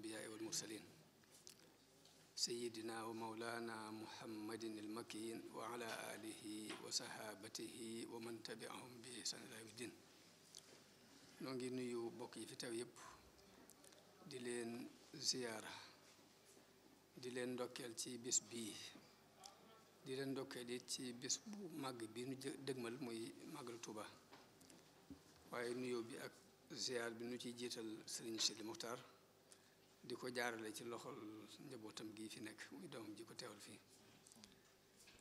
الأنبياء والمرسلين سيدنا ومولانا محمد المكين وعلى آله وصحابته ومن تبعهم بإحسان إلى يوم الدين noo ngi nuyu bokk yi fi teew yépp di leen ziyaara di leen ndokkeel ci bis bii di leen ndokkeel it ci bis bu màgg bi nu dëgmal muy màggal Tuuba waaye nuyoo bi ak ziyaar bi nu ci jiital Sëriñ Sidi Muxtaar di ko jaarale ci loxol njabootam gi fi nekk muy doomam ji ko teewal fii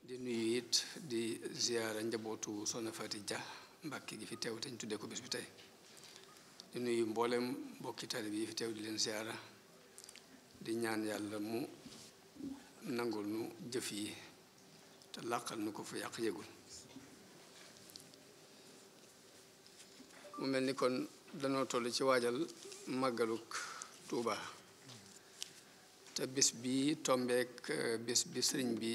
di nuyu it di ziyaara njabootu Soxna Faty Dia Mbàkke gi fi teew te ñu tuddee ko bis bi tey di nuyu mboolem mbokki taalib yi fi teew di leen ziyaara di ñaan yàlla mu nangul nu jëf yi te làqal nu ko fu yàq yëgul mu mel ni kon danoo toll ci waajal màggaluk Tuubaa te bis bi tombeek euh, bis bi sëriñ bi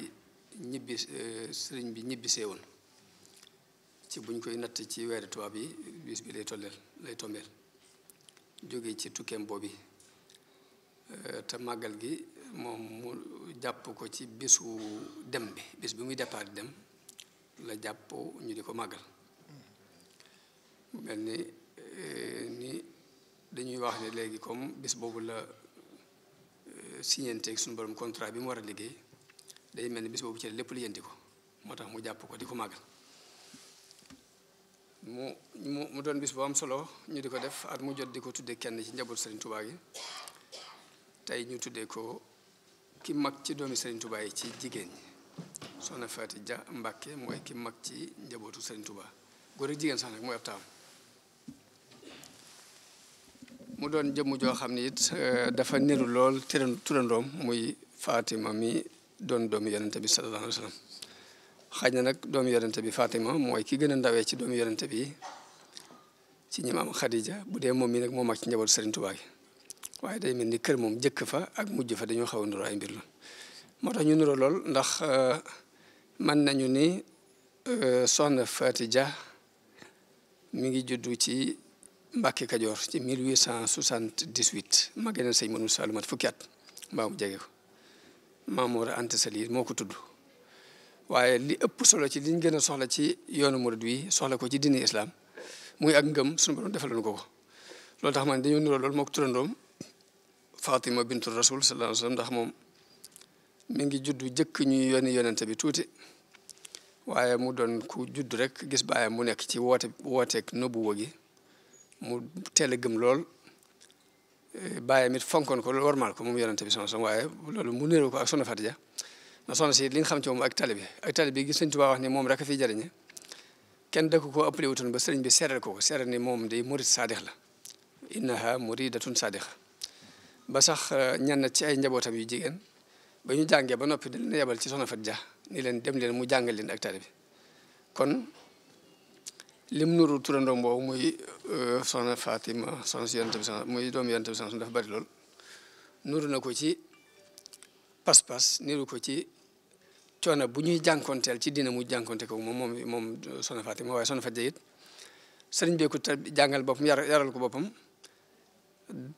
ñibbi euh, sëriñ bi ñibbiseewul ci buñ koy natt ci weeri tubaab yi bis bi lay tolleel lay tombeel jóge ci tukkembo bi euh, te màggal gi moom mu jàpp ko ci bisu dem bi bis bi muy départ dem la jàpp ñu di ko màggal mel ni ni dañuy wax ne léegi comme bis boobu la signanteeg suñu borom contrat bi mu war a liggéey day mel ni bis boobu ci lépp lu yënti ko moo tax mu jàpp ko di ko màggal mu mu doon bis bu am solo ñu di ko def at mu jot di ko tuddee kenn ci njaboot Serigne Touba gi tey ñu tuddee ko ki mag ci doomi Serigne yi ci jigéen ñi soxna Faati Ja Mbàkke mooy ki mag ci njabootu Serigne Touba góor ak jigéen sax nag mooy ab taam mu doon jëmm joo xam ne it euh, dafa niru lool turandoom muy Fatima mi doon doomu yonente bi sallallahu alayhi xaj na nag doomu yonente bi Fatima mooy ki gën a ndawee ci doomu yonente bi ci ñi am xadija bu dee moom mi nag moo mag ci njaboot Serigne Touba waaye day mel ni kër moom jëkk fa ak mujj fa dañoo xaw a nuroo ay mbir la moo tax ñu niroo lool ndax euh, mën nañu ni euh, soxna Faty Dia mi ngi juddu ci Mbàkke Kajoor ci 1878 ma gënal sëñ Manu Sall mat fukki at mbaa mu jege ko Maamoor Anta Sali moo ko tudd waaye li ëpp solo ci liñ gën a soxla ci yoonu murid wi soxla ko ci diine islam muy ak ngëm suñu borom defaloon ko ko loolu tax man dañoo niroo lool moo ko turandoom Fatima bintu Rasul sallallahu alayhi wasallam ndax moom mu ngi juddu jëkk ñuy yónni yonente bi tuuti waaye mu doon ku juddu rek gis baayam mu nekk ci wooteek wooteeg nubuwa gi mu teel a gëm lool eh, bàyyam it fonkoon ko loolu warmaal ko moom yonente bi sama sama mu néeru ko ak soxna Faty na soxna si li xam ci moom ak tali bi ak tali bi gis Sëñ Tuubaa wax ni moom rek a fiy jariñe kenn da ko koo wutoon ba sëriñ bi seeral ko ko ni moom day murid saadix la innaha muridatun saadixa ba sax eh, ñenn ci ay njabootam yu jigéen ba ñu jàngee ba noppi dañ leen yebal ci soxna Faty Dia ni leen dem leen mu jàngal leen ak tali bi kon lim nuru turandoom boobu muy euh, soxna Fatima soxna si yonent bi sax muy doomu yonent bi sax dafa bari lool nuru na ko ci pas-pas niru ko ci coono bu ñuy jànkonteel ci dina mu jànkonte ko moom moom moom soxna Fatima waaye soxna Fatima it sëriñ bi ko jàngal boppam yar yaral ko boppam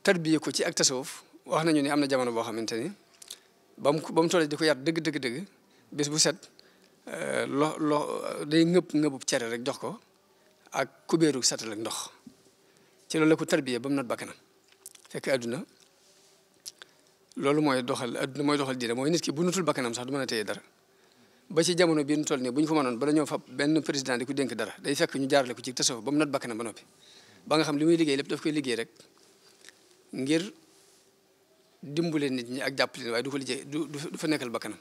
tarbiye ko ci ak tasawuf wax nañu ni am na jamono boo xamante ni ba mu ba mu tollee di ko yar dëgg dëgg dëgg bis bu set euh, lo lo day ngëpp ngëbub cere rek jox ko ak kubéeru satal ak ndox ci loolu la ko tarbiya ba mu not bakkanam fekk àdduna loolu mooy doxal àdduna mooy doxal diine mooy nit ki bu nutul bakkanam sax du mën a téye dara ba ci jamono bii nu toll nii bu ñu ko ba la ñëw fa benn président di ko dénk dara day fekk ñu jaarale ko ci tasawuf ba mu not bakkanam ba noppi ba nga xam li muy liggéey lépp daf koy liggéey rek ngir dimbale nit ñi ak jàppale waaye du ko liggéey du du fa nekkal bakkanam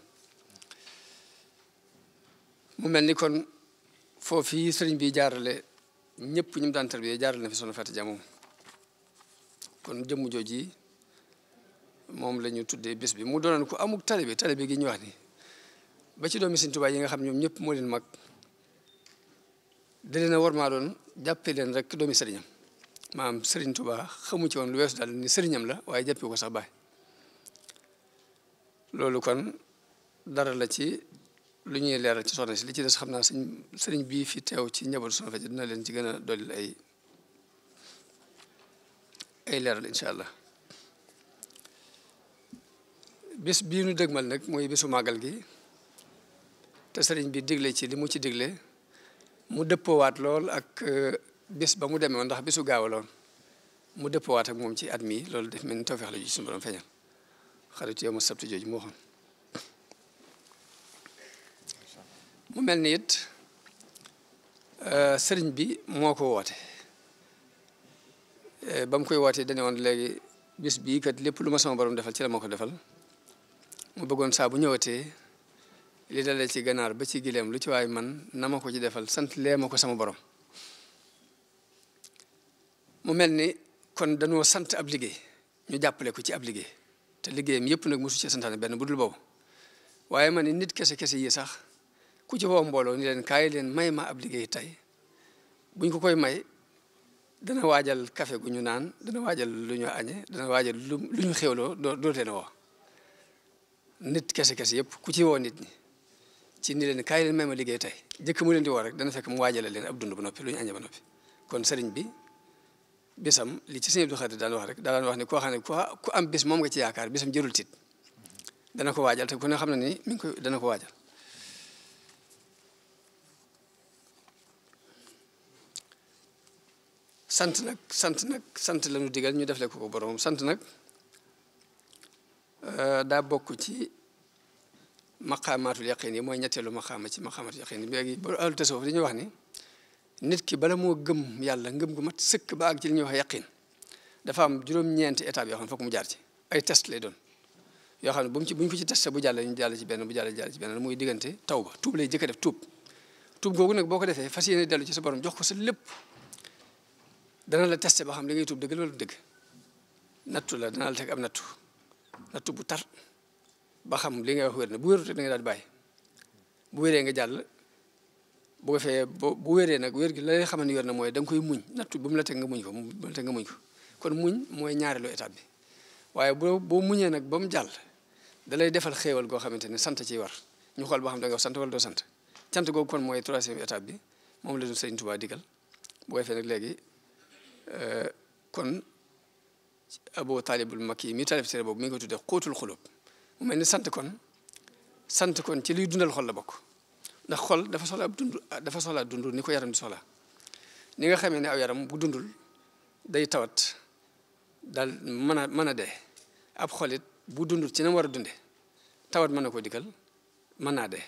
ñëpp ñu mu daan tarbiyee jaaral na fi soxna Faty Dia moom kon jëmm jooji moom lañu tuddee bés bi mu doonoon ko amuk talibe talibe gi ñu wax ni ba ci doomi Sëñ yi nga xam ñoom ñëpp moo leen mag da leen a war maa doon jàppee leen rek doomi sëriñam maam Sëriñ Tuubaa xamu ci woon lu weesu daal ni sëriñam la waaye jàppee ko sax baay loolu kon dara la ci lu ñuy leeral ci soxna si li ci des xam naa sëñ sëriñ bii fi teew ci njabootu soxna Faty dina leen ci gën a dolli ay ay leeral incha allah bis bii nu dëgmal nag mooy bisu màggal gi te sëriñ bi digle ci li mu ci digle mu dëppoowaat lool ak euh, bis ba mu demee ndax bisu gaawaloon mu dëppoowaat ak moom ci at mi loolu def mel ni tawfeex la ju ci suñu borom feeñal xaritu yow ma sabtu jooju moo xam mu mel ni it euh, sëriñ bi moo ko woote euh, ba mu koy wootee dane woon léegi bis bii kat lépp lu ma sama borom defal ci la ma ko defal mu bëggoon saa bu ñëwatee li dalee ci ganaar ba ci gileem lu ci waaye man na ma ko ci defal sant lee ma ko sama borom mu mel ni kon dañoo sant ab liggéey ñu jàppale ko ci ab liggéey te liggéeyam yëpp nag mosu ci santaane benn bu dul boobu waaye ma ne nit kese kese yi sax ku ci wow mbooloo ni leen kaay leen may ma ab liggéey tey buñ ko koy may dana waajal kafe gu ñu naan dana waajal lu ñu añe dana waajal lu lu ñu xéwloo doote na woo nit kese kese yëpp ku ci woo nit ñi ci ni leen kaay leen may ma liggéey tey jëkk mu leen di woo rek dana fekk mu waajale leen ab dund ba noppi lu ñu añe ba noppi kon sëriñ bi bisam li ci sëñ Abdou Khadir daan wax rek daan wax ne koo xam ne ku am bis moom nga ci yaakaar bisam jërul tit dana ko waajal ku ne xam na ni mi ngi koy dana ko waajal sant nag sant nag sant la ñu diggal ñu defle ko ko boroom sant nag euh, daa bokk ci maqaamaatul yaqin yi mooy ñetteelu maqaama ci maqaamaatul yaqin yi léegi ba ahlu tasawuf dañuy wax ni nit ki bala moo gëm yàlla ngëm gu mat sëkk ba ak ci li ñuy wax yaqin dafa am juróom-ñeenti étape yoo xam ne mu jaar ci ay test lay doon yoo xam ne bu mu ci bu ñu ko bu jàll ñu jàll ci benn bu jàll jàll ci benn muy diggante taw ba tuub lay jëkk def tuub tuub googu nag boo ko defee fas yéene dellu ci sa borom jox ko sa lépp danaa la testé ba xam li ngay tuub dëgg la wala dëgg nattu la danaa la teg am nattu nattu bu tar ba xam li ngay wax wér na bu wérut da nga daal di bàyyi bu wéree nga jàll bu ko fee bu wéree nag wér gi la nga xam ne wér na mooy danga koy muñ nattu bu mu la teg nga muñ ko bu mu la kon muñ mooy ñaareelu étape bi waaye boo boo muñee nag ba mu jàll da lay defal xéewal goo xamante ne sant ciy war ñu xool ba xam da nga sant wala doo sant cant googu kon mooy troisième étape bi moom la doon Sëriñ Tuubaa digal léegi. Euh, kon Abu Taalibul Makki mi taalif téere boobu mi ngi ko tuddee xóotul xulub mu mel ni sant kon sant kon ci liy dundal xol la bokk ndax xol dafa soxla dund dafa soxla dund ni ko yaram di soxla ni nga xamee ni aw yaram bu dundul day tawat daal mën a mën a dee ab xolit bu dundul ci na war a dunde tawat mën na koo digal mën naa dee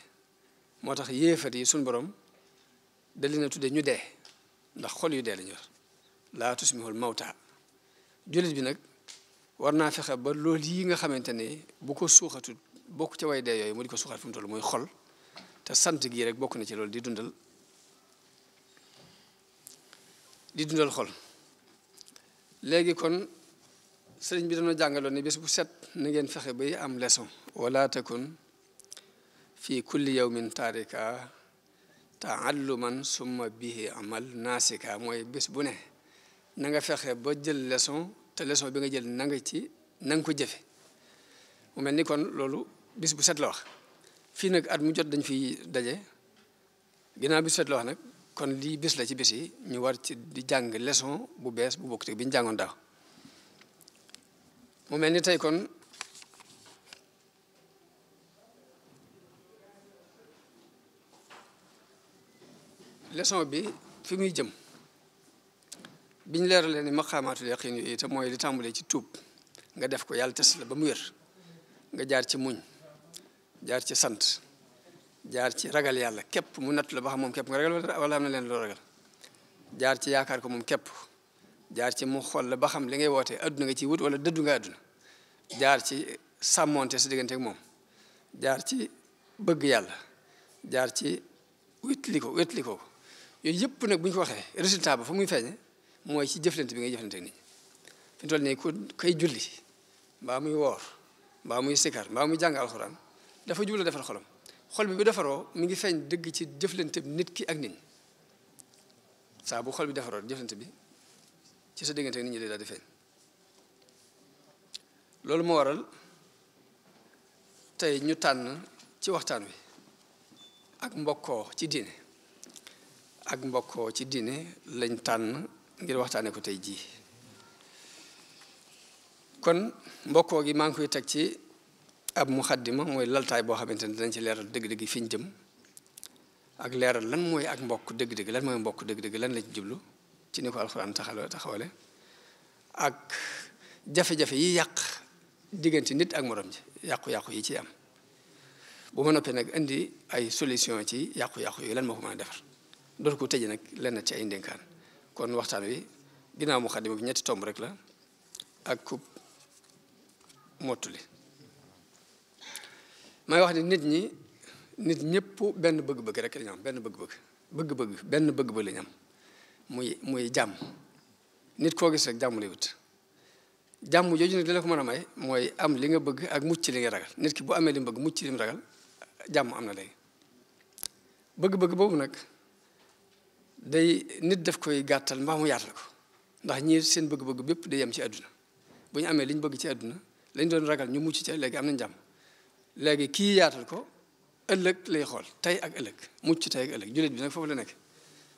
moo tax yéefar yi suñ borom da leen tuddee ñu dee ndax xol yu dee la laa tusmihul mawta jullit bi nag war naa fexe ba loolu yi nga xamante ni bu ko suuxatut bokk ca way dee yooyu mu di ko suuxat fi mu toll mooy xol te sant gii rek bokk na ci loolu di dundal di dundal xol léegi kon sëriñ bi dana jàngaloon ni bés bu set na ngeen fexe bay am leçon wala takun fi kulli yawmin taarika taalluman summa bihi amal naasika mooy bés bu ne na nga fexe ba jël leçon te leçon bi nga jël na nga ci nanga ko jëfe mu mel ni kon loolu bis bu set la wax fii nag at mu jot dañ fiy daje ginnaaw bi bu set la wax nag kon lii bis la ci bis yi ñu war ci di jàng leçon bu bees bu bokk te bi ñu jàngoon daaw mu mel ni tey kon leçon bi fi muy jëm biñ leeralee ni maqaamaatul yaqiin yooyu te mooy li tàmbalee ci tuub nga def ko yàlla tes la ba mu wér nga jaar ci muñ jaar ci sant jaar ci ragal yàlla képp mu natt la ba xam moom képp nga ragal wala am na leen loo ragal jaar ci yaakaar ko moom képp jaar ci mu xool la ba xam li ngay wootee adduna nga ciy wut wala dëddu nga adduna jaar ci sàmmoonte sa digganteek moom jaar ci bëgg yàlla jaar ci wétli ko wétli ko yooyu yëpp nag buñ ko waxee résultat ba fa muy feeñe mooy ci jëflante bi ngay jëflante ak nit ñi fi mu toll nii ku koy julli mbaa muy woor mbaa muy sikar mbaa muy jàng alxuraan dafa jublu defar xolam xol bi bu defaroo mi ngi feeñ dëgg ci jëflante nit ki ak nit ñi saa bu xol bi defaroo jëflante bi ci sa diggante ak nit ñi day daal di feeñ loolu moo waral tey ñu tànn ci waxtaan wi ak mbokkoo ci diine ak mbokkoo ci diine lañ tànn ngir waxtaane ko tey jii kon mbokkoo gi maa ngi koy teg ci ab muxaddima mooy laltaay boo xamante ne dinañ ci leeral dëgg-dëgg fi ñu jëm ak leeral lan mooy ak mbokk dëgg-dëgg lan mooy mbokk dëgg-dëgg lan la ci jublu ci ni ko alxuraan taxawale taxawale ak jafe-jafe yi yàq diggante nit ak moroom ji yàqu-yàqu yi ci am bu ma noppee nag indi ay solution ci yàqu-yàqu yooyu lan moo ko mën a defar dootu ko tëje nag lenn ci ay ndénkaan kon waxtaan wi ginnaaw mu xaddima bi ñetti tomb rek la ak kub mottuli may wax ne nit ñi nit ñëpp benn bëgg-bëgg rek la ñu benn bëgg-bëgg bëgg benn bëgg-bëgg la am muy muy jàmm nit koo gis rek jàmm lay wut jàmm jooju ne li ko mën a may mooy am li nga bëgg ak mucc li nga ragal nit ki bu amee li mu bëgg mucc li mu ragal jàmm am na léegi bëgg-bëgg boobu nag day nit def koy gàttal mbaa mu yaatal ko ndax ñii seen bëgg-bëgg bépp day yem ci àdduna bu ñu amee li ñu bëgg ci àdduna lañ doon ragal ñu mucc ca léegi am nañ jàmm léegi kii yaatal ko ëllëg lay xool tey ak ëllëg mucc tey ak ëllëg jullit bi nag foofu la nekk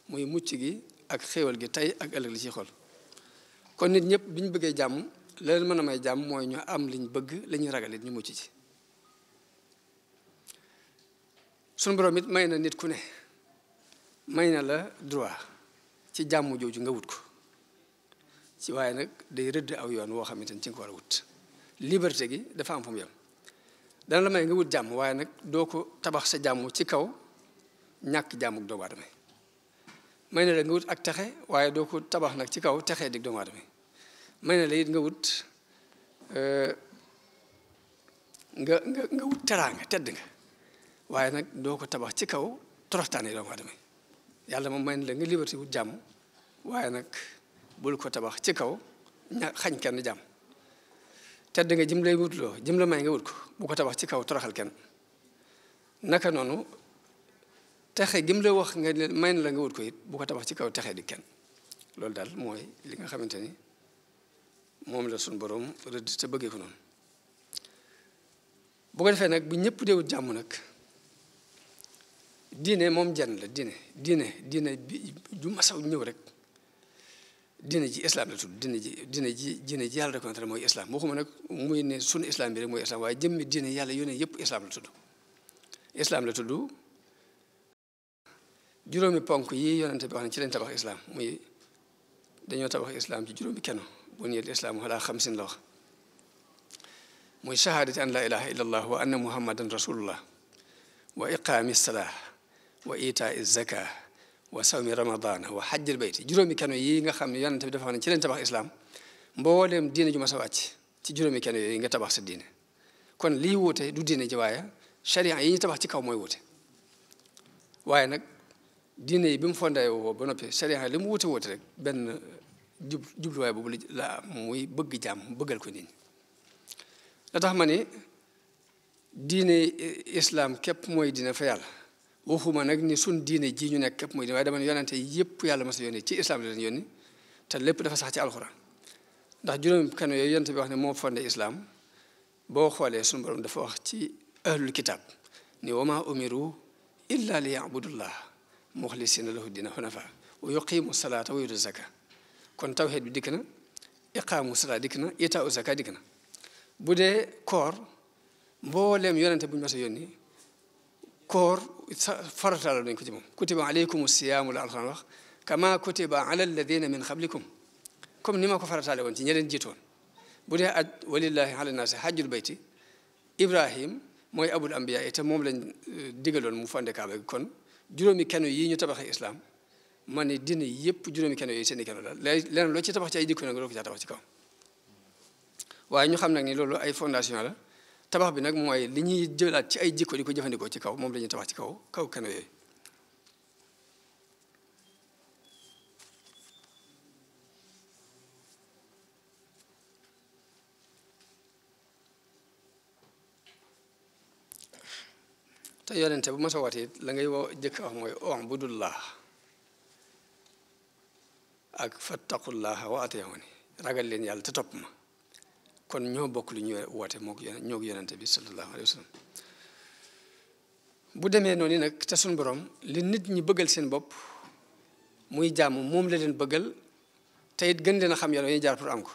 muy mucc gi ak xéewal gi tey ak ëllëg li ciy xool kon nit ñëpp bi ñu bëggee jàmm la leen mën na may jàmm mooy ñu am liñ bëgg la ñuy ragal it ñu mucc ci suñu borom it may na nit ku ne may na la droit ci jàmm jooju nga wut ko waaye nag day rëdd aw yoon woo xamante ni ci nga ko war a wut liberté gi dafa am fu mu yem dana la may nga wut jàmm waaye nag doo ko tabax sa jàmm ci kaw ñàkk jàmmuk doomu may na la nga wut ak texe waaye doo ko tabax nag ci kaw texee dig doomu may na la nga wut euh, nga nga tedd waaye nag doo ko tabax ci kaw toroxtaane doomu aadama yàlla moom may la nga liberté wut jàmm waaye nag bul ko tabax ci kaw xañ kenn jàmm tedd nga jëm lay wutloo jëm la may nga wut ko bu ko tabax ci kaw toroxal kenn naka noonu texe jëm la wax nga may la nga wut ko it bu ko tabax ci kaw texe di kenn loolu daal mooy li nga xamante ni moom la suñ boroom rëdd te bëggee ko noonu bu ko defee nag bu ñëpp dee wut jàmm nag diine moom jenn la diine diine diine bi ju masaw ñëw rek diine ji islam la tudd diine ji diine ji ji yàlla reconnaître mooy islam waxuma nag muy ne sunu islam bi rek mooy islam waaye jëmmi diine yàlla yónnee yëpp islam la tudd islam la tudd juróomi ponk yi yonente bi wax ne ci lañ tabax islam muy dañoo tabax islam ci juróomi kenn bu ñëwee di islam xalaa xamsin la wax muy an la ilaha illallah wa anna muhammadan rasulullah wa iqaami wa itaa zaka wa sawmi ramadan wa xajjil bayti juróomi keno yi nga xam ne yonent bi dafa xam ne ci lañ tabax islaam mbooleem diine ju ma sa wàcc ci juróomi keno yi nga tabax sa diine kon lii wuute du diine ji waaye yi ñu tabax ci kaw mooy wuute waaye nag diine yi bi mu fondaay woo ba noppi sharia li mu wuute wuute rek benn jub jubluwaay boobu la muy bëgg jàmm bëggal ko nii ñi la tax ma ni diine islaam képp mooy diine fa yàlla waxuma nag ni suñ diine ji ñu nekk képp mooy waaye dama ne yonente yëpp yàlla mas a yónni ci islam la leen yónni te lépp dafa sax ci alxuraan ndax juróom kan yooyu yonente bi wax ne moo fondé islam boo xoolee suñu borom dafa wax ci ahlul kitab ni wama umiru illa li yabudullah muxlisina lahu dina xunafa wa yuqimu salata wa yutu zaka kon tawxid bi dikk na iqaamu salaa dikk na itaa u zaka dikk na bu dee koor mbooleem yonente bu ñu mas a koor farataaloon nañ ko ci moom kutiba aleykum siyaamu la alxuraan wax kama kutiba ala alladina min qablikum comme ni ma ko farataale woon ci ñeneen jiitoon bu dee aj walillahi ala naasi hajjul bayti ibrahim mooy abul ambiya itam moom lañ digaloon mu fande kaaba gi kon juróomi keno yi ñu tabaxee islam ma ne dina yëpp juróomi keno yooyu seeni keno la leneen loo ci tabax ci ay jikko nag doo ko caa tabax ci kaw waaye ñu xam nag ni loolu ay fondation la tabax bi nag mooy li ñuy jëlaat ci ay jikko di ko jëfandikoo ci kaw moom la ñuy tabax ci kaw kaw kano yooyu te yonente bu ma sa waat it la ngay woo jëkk wax mooy ubudullah ak fattaqullaha wa atiyuni ragal leen yàlla te topp ma kon ñoo bokk lu ñu woote moog yonent ñoo yonente bi sallallahu alayhi wa bu demee noonu nag te suñu borom li nit ñi bëggal seen bopp muy jàmm moom la leen bëggal te it gën leen a xam yàlla ñuy jaar pour am ko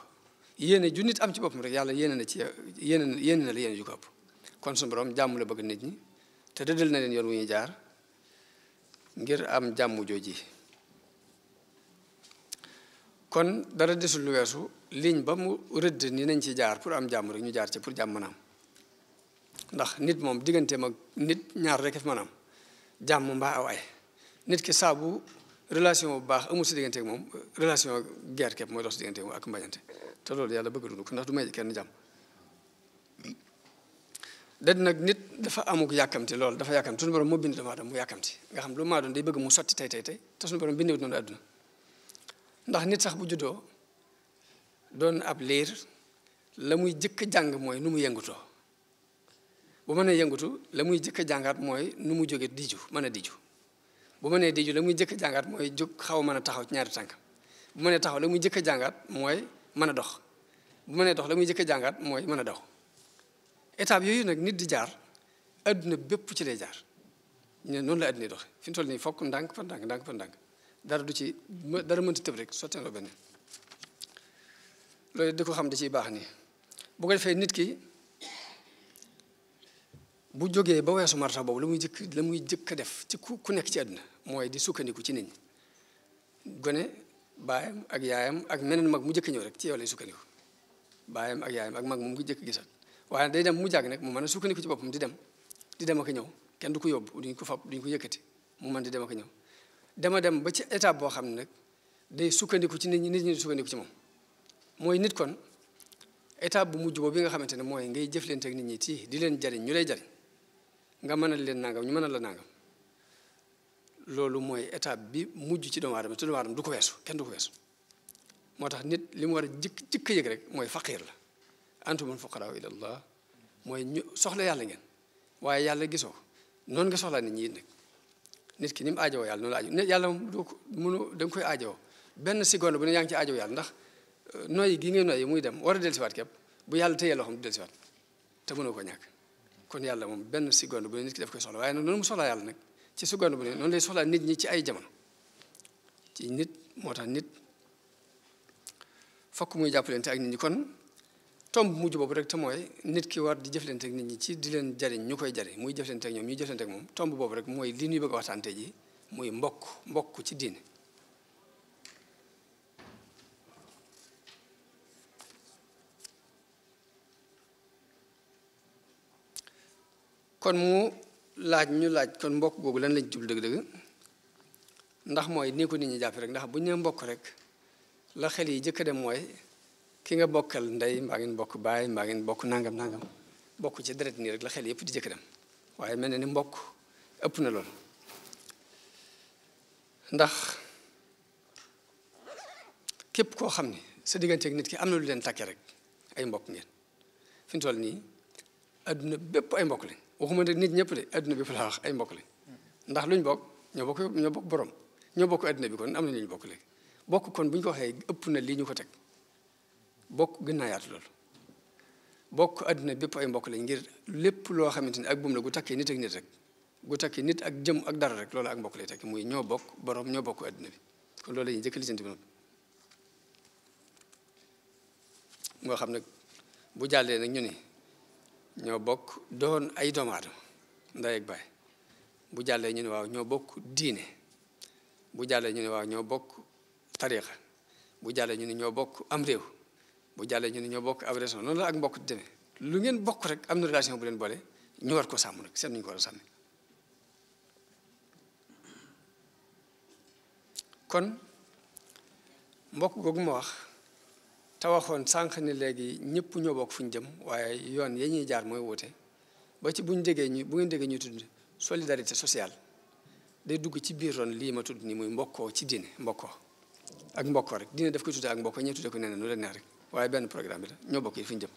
yéene ju nit am ci bopp boppam rek yàlla yéene na ci yéene yéene na la yéene ju kon suñu borom jàmm la bëgg nit ñi te dëddal na leen yoon wu ñuy jaar ngir am jàmm jooji kon dara desul lu weesu ligne ba mu rëdd nii nañ ci jaar pour am jàmm rek ñu jaar ci pour jàmm mën ndax nit moom digganteem ak nit ñaar rek fi mën a am mbaa aw nit ki saabu relation bu baax amul si diggante moom relation guerre képp mooy dox si te loolu yàlla bëggatul ko ndax du may kenn jàmm dañ nag nit dafa amuk yàkkamti loolu dafa yàkkamti suñu borom moo bind doomu aadama mu yàkkamti nga xam lu maa doon day bëgg mu sotti tey tey te suñu borom bindewut noonu àdduna ndax nit sax bu juddoo doon ab liir la muy jëkk jàng mooy nu mu yëngutoo bu mënee yëngutu la muy jëkk jàngaat mooy nu mu jóge diju mën a diju bu mënee diju la muy jëkk jàngaat mooy jóg xaw mën a taxaw ñaari tànk bu mënee taxaw la muy jëkk jàngaat mooy mën a dox bu mënee dox la muy jëkk jàngaat mooy mën a dox étape yooyu nag nit di jaar adduna bépp ci lay jaar ñu noonu la adduna doxe fi nii fokk ndànk fa ndànk ndànk fa ndànk dara du ci dara mënta tëb rek sotti na benn loolu di ko xam da ciy baax nii bu ko defee nit ki bu jógee ba weesu marta boobu la muy jëkk la muy jëkk a def ci ku ku nekk ci àdduna mooy di sukkandiku ci nit ñi gone baayam ak yaayam ak meneen mag mu jëkk ñëw rek ci yow lay sukkandiku baayam ak yaayam ak mag moom mu jëkk gisal waaye day dem mu jàgg nag mu mën a sukkandiku ci boppam di dem di dem ak ñëw kenn du ko yóbbu duñ ko fab duñ ko yëkkati mu mën di dem ak ñëw dama dem ba ci étape boo xam ne nag day sukkandiku ci nit ñi nit ñi sukkandiku ci moom mooy nit kon étape bu mujj boobu bi nga xamante ne mooy ngay jëf leen ak nit ñi ci di leen jariñ ñu lay jariñ nga mënal leen nangam ñu mënal la nangam loolu mooy étape bi mujj ci doomu aadama te doomu aadama du ko weesu kenn du ko weesu moo tax nit li mu war a jëkk jëkk yëg rek mooy faqiir la antumul fuqaraa ilallah mooy ñu soxla yàlla ngeen waaye yàlla gisoo noonu nga soxlaa nit ñi it nit ki ni mu aajowoo yàlla noonu la aajo yàlla du mënu da nga koy aajowoo benn seconde bu ne yaa ngi ci aajow yàlla ndax euh, noyyi gi ngay noyyi muy dem war a dellusiwaat képp bu yàlla téyee loxoom du dellusiwaat te mënoo ko ñàkk kon yàlla moom benn seconde bu ne nit ki daf koy soxla waaye noonu mu soxlaa yàlla nag ci seconde bu ne noonu lay soxlaa nit ñi ci ay jamono ci nit moo tax nit fokk muy jàppalante ak nit ñi kon tomb bu mujj boobu rek te mooy nit ki war di jëflanteeg nit ñi ci di leen jariñ ñu koy jariñ muy jëflanteeg ñoom ñuy jëflanteeg moom tomb boobu rek mooy li ñuy bëgg a ji muy mbokk mbokk ci diine kon laaj ñu laaj kon mbokk googu lan lañ jublu dëgg-dëgg ndax mooy nii ko nit ñi jàpp rek ndax bu ñu mbokk rek la xel yi jëkk dem mooy ki nga bokkal ndey mbaa ngeen bokk baay mbaa ngeen bokk nangam nangam bokk ci deret nii rek la xel yëpp di jëkk dem waaye mel na ni mbokk ëpp na lool ndax képp koo xam ne sa digganteeg nit ki am na lu leen takkee rek ay mbokk ngeen fi toll nii adduna bépp ay mbokk lañ waxuma ne nit ñëpp de adduna bépp laa wax ay mbokk lañ ndax luñ bokk ñoo bokk ñoo bokk borom ñoo bokk adduna bi kon am na lu ñu bokk bokk kon bu ñu ko waxee ëpp na lii ñu ko teg bokk gën naa yaatu loolu bokk àdduna bépp ay mbokk lañ ngir lépp loo xamante ni ak buum la gu takkee nit ak nit rek gu takkee nit ak jëm ak dara rek loolu ak mbokk lay takki muy ñoo bokk boroom ñoo bokk àdduna bi kon loolu la jëkk lijjanti bi moo xam nag bu jàllee nag ñu ni ñoo bokk doon ay doomu aadama ndey ak bu jàllee ñu ne waaw ñoo bokk diine bu jàllee ñu ne waaw ñoo bokk tariixa bu jàllee ñu ni ñoo bokk am réew bu jàllee ñun ñoo bokk ab relation noonu la ak mbokk demee lu ngeen bokk rek am na relation bu leen boole ñu war ko sàmm nag seet nañu kon mbokk googu ma wax te sànq ni léegi ñëpp ñoo bokk fu ñu jëm waaye yoon ya ñuy jaar mooy wuute ba ci bu ñu déggee ñu bu ngeen déggee ñuy tudd solidarité sociale day dugg ci biir ron lii ma tudd ni muy mbokkoo ci diine mbokkoo ak mbokkoo rek diine daf koy tuddee ak mbokkoo ñee tuddee ko nee na leen neex rek waaye benn programme bi la ñoo bokk yi fi ñu jëm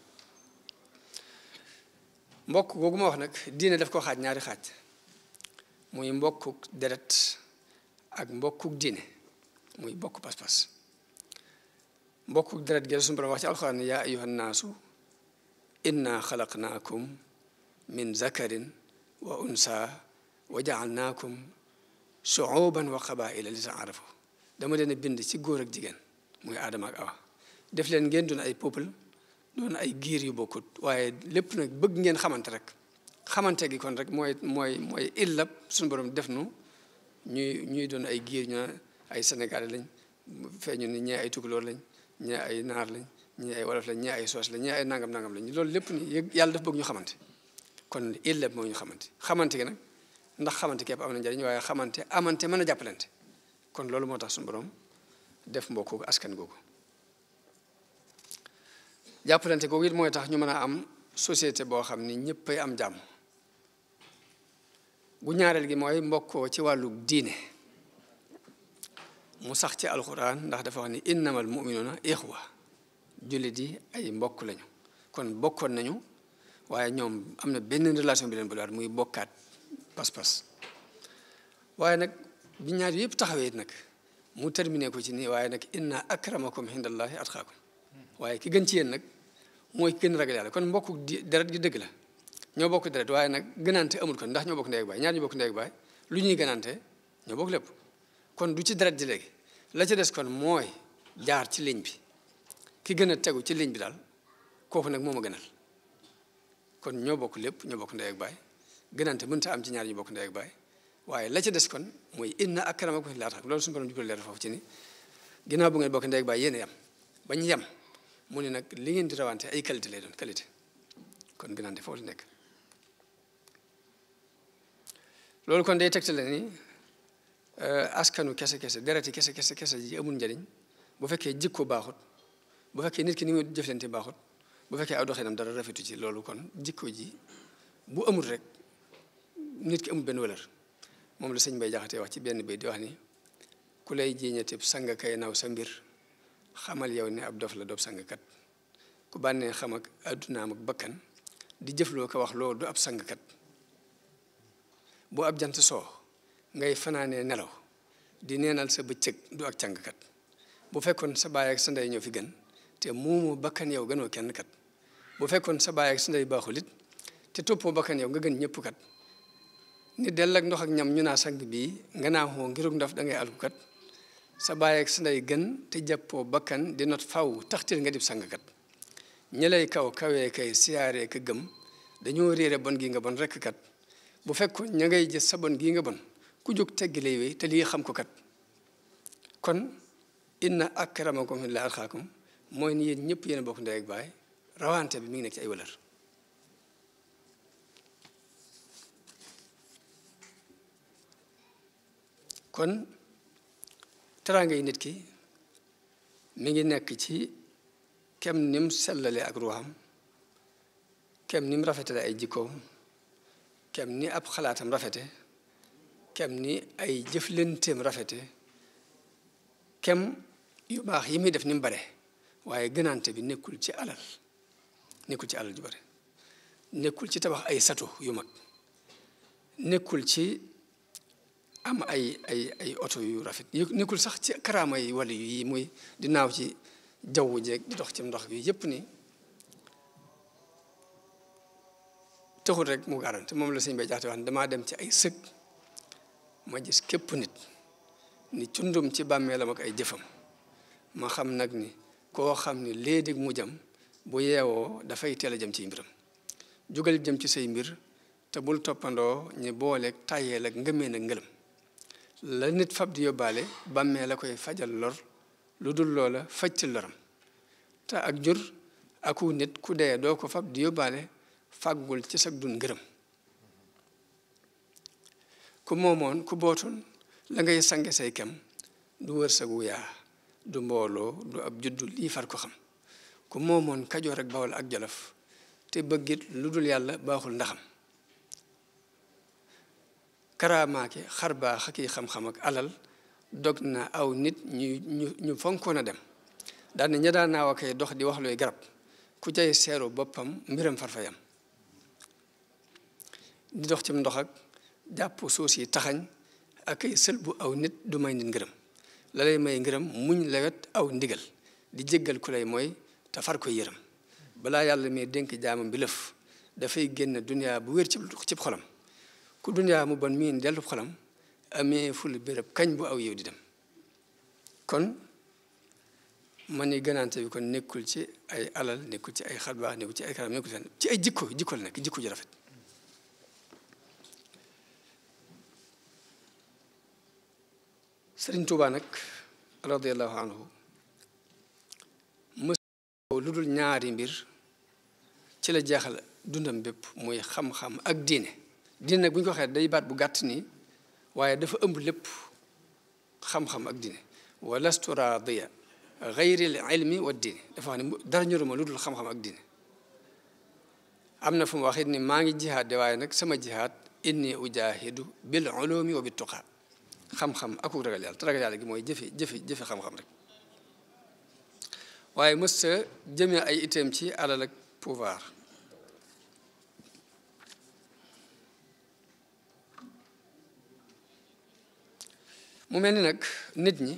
googu ma wax nag diine daf ko xaaj ñaari xaaj muy mbokkuk deret ak mbokkuk diine muy bokk pas-pas mbokkuk deret gi suñu borom wax ci alxuraan ya yaa ayyuhan naasu inna xalaqnaakum min zakarin wa unsa wa jaalnaakum shuuban wa qabaila li taarafu dama leen a bind ci góor ak jigéen muy aadama awa def leen ngeen doon ay peuple doon ay giir yu bokkut waaye lépp nag bëgg ngeen xamante rek xamante gi kon rek mooy mooy mooy illab suñu borom def nu ñuy ñuy doon ay giir ñu ay sénégalais lañ feeñu ni ñee ay tukulóor lañ ñee ay naar lañ ñii ay wolof lañ ñii ay soos lañ ñii ay nangam nangam lañ loolu lépp ni yàlla daf bëgg ñu xamante kon illab moo ñu xamante xamante gi nag ndax xamante képp am na njariñ waaye xamante amante mën a jàppalante kon loolu moo tax suñu boroom def mbokku askan googu jàppalante googu it mooy tax ñu mën a am société boo xam ni ñëppay am jàmm bu ñaareel gi mooy mbokkoo ci wàllu diine mu sax ci alxuraan ndax dafa wax ni innamal muminuuna ixwa jullit yi ay mbokk lañu kon bokkoon nañu waaye ñoom am na benn relation bi leen bu muy bokkaat pas-pas waaye nag bi ñaar yëpp taxawee it nag mu terminé ko ci nii waaye nag inna akramakum indallahi atqaakum waaye ki gën ci yéen nag mooy ki gën ragal yàlla kon mbokku deret gi dëgg la ñoo bokk deret waaye nag gënante amul kon ndax ñoo bokk ndey ak baay bokk ndey ak baay lu ñuy gënante ñoo bokk lépp kon du ci deret ji léegi la ci des kon mooy jaar ci ligne bi ki gën a tegu ci ligne bi daal kooku nag moo ma gënal kon ñoo bokk lépp ñoo bokk ndey ak baay gënante mënta am ci ñaar ñu bokk ndey baay waaye la ci des kon mooy inna akramakum indallaahi atqaakum loolu suñu borom jubal leer foofu ci ni ginnaaw bu ngeen bokk ndey baay yéen a yem bañ yem mu ne nag li ngeen di rawante ay qualité lay doon qualité kon gënaante foofu nekk loolu kon day tegtale ni euh, askanu kese kese dereti kese kese kese ji amul njariñ bu fekkee jikko baaxut bu fekkee nit ki ni mu jëflante baaxut bu fekkee aw doxinam dara rafetu ci loolu kon jikko ji bu amul rek nit ki amul benn valeur moom la sëñ bay jaxatee wax ci benn bay di wax ni ku lay jiiñatib sanga kay naw sa mbir xamal yow ni ab dof la sang kat ku bànnee xam ak addunaam ak bakkan di jëfloo ko wax loo du ab sangkat bu ab jant soo ngay fanaanee nelaw di neenal sa bëccëg du ak cangkat bu fekkoon sa baay ak sa nday ñëw fi gën te muumu bakkan yow gënoo kenn kat bu fekkoon sa baay ak sa ndey baaxul it te toppoo bakkan yow nga gën ñëpp kat ni dell ak ndox ak ñam ñu naa sang bii nga naa xoo ngirug ndaf da alkukat sa baay ak sa ndey gën te jàppoo bakkan di not faw taxtil nga dib sangkat ñi lay kaw kawee kay siyaaree ka gëm dañoo réere bon gi nga bon rekk kat bu fekkoon ña ngay jël sa bon gi nga bon ku jóg teggi lay wéy te lii xam ko kat kon inna akramakum illaa atqaakum mooy ni yéen ñëpp yéen a bokk ndey ak baay rawante bi mi ngi nekk ci ay wëlër kon teraanga yi nit ki mi ngi nekk ci kem nim sellale ak ruuxam kem nim rafetale ay jikkoom kem ni ab xalaatam rafete kem ni ay jëflenteem rafete kem yu baax yi muy def ni mu bare waaye gënaante bi nekkul ci alal nekkul ci alal ju bare nekkul ci tabax ay sato yu mag nekkul ci am ay ay ay oto yu rafet yu nekkul sax ci karaama yi wala yi muy di naaw ci jaww jeeg di dox ci ndox yi yëpp ni taxul rek mu garan moom la sëñ bay jaxte wax ne damaa dem ci ay sëg ma gis képp nit ni cundum ci bàmmeelam ak ay jëfam ma xam nag ni koo xam ni léegi mu jam bu yeewoo dafay teel a jëm ci mbiram jugal jëm ci say mbir te bul toppandoo ñi booleeg tàyyeel ak ngëmeen ak ngëlëm la nit fab di yóbbaale bàmmee la koy fajal lor lu dul loola faj ci loram te ak jur aku nit ku dee doo ko fab di yóbbaale fàggul ci sag dun ngërëm ku moomoon ku bootoon la ngay sange say kem du wërsagu yaa du mbooloo du ab juddu lii far ko xam ku moomoon kajoor ak bawol ak jolof te bëggit lu dul yàlla baaxul ndaxam karaamaake xar baax ak xam-xam ak alal dog na aw nit ñu ñu fonkoon a dem daal ne ña daan naaw ak dox di wax looy garab ku cay seeru boppam mbiram farfayam di dox cim ndox ak jàpp suus yi taxañ ak ay sël bu aw nit du may nit ngërëm la may ngërëm muñ lewet aw ndigal di jéggal ku lay mooy te far ko yërëm balaa yàlla may denk jaamam bi lëf dafay génn duniyaa bu wér ci cib xolam ku dunyaa mu bon miin dellu xolam amee ful béréb kañ bu aw yow di dem kon man ni gënaante bi kon nekkul ci ay alal nekkul ci ay xarbaax nekkul ci ay karam nekkul ci ay jikko jikko la jikko ju rafet sëriñ Tuubaa nag radiallahu anhu mës lu dul ñaari mbir ci la jeexal dundam bépp muy xam-xam ak diine diine nag bu ñu ko waxee day baat bu gàtt nii waaye dafa ëmb lépp xam-xam ak diine wa lastu raadiya gayril ilmi wa diine dafa xam ne dara ñoruma lu dul xam-xam ak diine am na fu mu waxit ni maa ngi jihaad waaye nag sama jihaad inni ujaahidu bil ulumi wa bi tuqaa ak gi mooy jëfe jëfe jëfe xam-xam rek waaye mës sa ay itam ci alal ak pouvoir mu mel ni nag nit ñi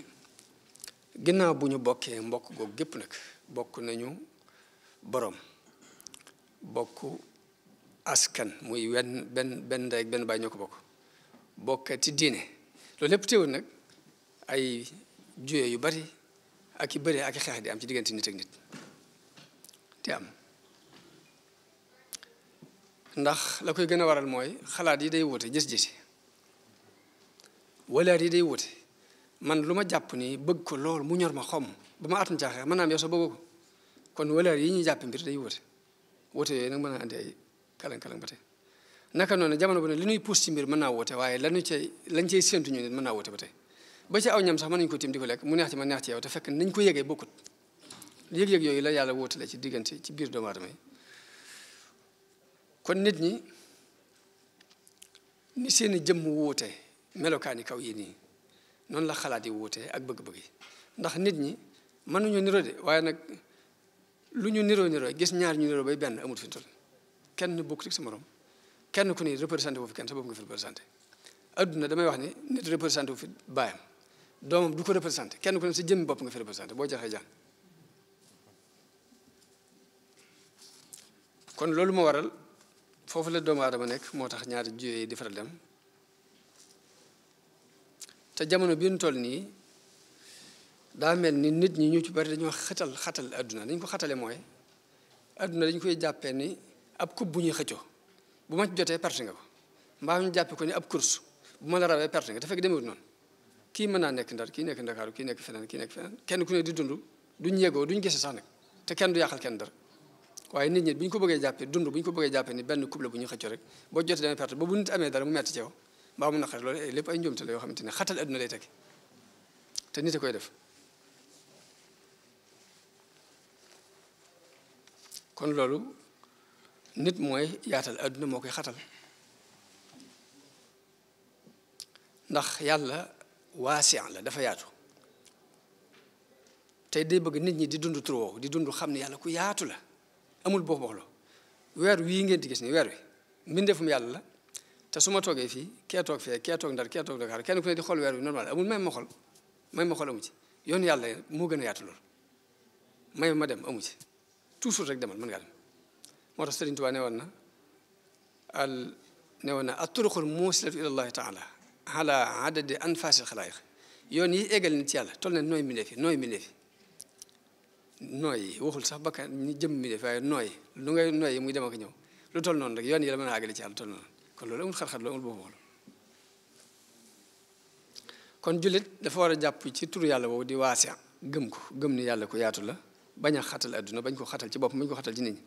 ginnaaw bu ñu bokkee mbokk googu gépp nag bokk nañu boroom bokk askan muy wenn benn benn ndey benn baay ñoo ko bokk bokkati diine loolu lépp teewul nag ay juyee yu bari ak i bëree ak i xeex di am ci diggante nit ak nit te am ndax la koy gën a waral mooy xalaat yi day wuute gis-gis walaat yi dey wute man lu ma jàpp nii bëgg ko lool mu ñor ma xomm bu ma atum caaxee mën naa am sa bëgg ko kon walaat yi ñuy jàpp mbir day wute wute yooyu nag mën naa andi ay kalan-kalan ba tey naka noonu jamono bu ne li ñuy pousse ci mbir mën naa woote waaye lañu cay lañ cay séentu ñu nit mën naa woote ba ba ci aw ñam sax mën nañu ko tiim di ko lekk mu neex ci ma neex ci yow te fekk nañ ko yëgee bokkut yëg-yëg yooyu la yàlla wóotale ci diggante ci biir doomu nit ñi ni seeni jëmm melokaani kaw yi nii noonu la xalaat yi wuutee ak bëgg-bëgg yi ndax nit ñi mënuñu niroo de waaye nag lu ñu niroo niroo gis ñaar ñu niroo bay benn amut fi toll kenn bokk ci sa moroom kenn ku ne représenté wu fi kenn sa bopp nga adduna damay wax ni nit représenté wu fi baayam doomam du ko représenté kenn ku ne sa jëmmi bopp nga fi représenté boo jaxee jaan kon loolu moo waral foofu la doomu aadama nekk moo tax ñaari jiw di faral dem te jamono bi ñu nii daa mel ni nit ñi ñu ci bari dañoo xatal xatal adduna dañ ko xatale mooy adduna dañ koy jàppee ni ab coupe bu ñuy xëccoo bu ma jotee perte nga ko mbaa ñu jàppee ko ni ab course bu ma la rawee perte nga te fekk demewut noonu kii mën naa nekk ndar kii nekk ndakaaru kii nekk feneen kii nekk feneen kenn ku ne di dund duñ yegoo duñ gise sax nag te kenn du yàqal kenn dara waaye nit ñi bu ñu ko bëggee jàppee dund bu ñu ko bëggee jàppee ni benn mbaa mu naqari loolu lépp ay njuumte la yoo xam ne xatal adduna lay teg te nit a koy def kon loolu nit mooy yaatal adduna moo koy xatal ndax yàlla waasiyan la dafa yaatu tey day bëgg nit ñi di dund turoo di dund xam ne yàlla ku yaatu la amul boox booxloo weer wii ngeen di gis ni weer wi mbindeefum yàlla la te su ma toogee fii kee toog fee kee toog ndar kee toog Dakar kenn ku ne di xool weer wi normal amul may ma xool may ma xool amu ci yoon yàlla moo gën a yaatu loolu may ma dem amu ci toujours rek demal mën tax Sëriñ Tuubaa ne woon na al ne woon na at-turuqul muusilatu yi eggal nit ci yàlla toll ne nooy mbindeef yi nooy mbindeef yi nooy waxul sax bakkan ñu jëm mbindeef waaye nooy lu ngay nooy muy dem ak ñëw lu toll noonu rek yoon yi la mën a ci yàlla toll noonu kon loolu amul xar-xar loolu amul boobu kon jullit dafa war a jàpp ci turu yàlla boobu di waase gëm ko gëm ni yàlla ko yaatu la bañ a xatal adduna bañ ko xatal ci bopp bañ ko xatal ci nit ñi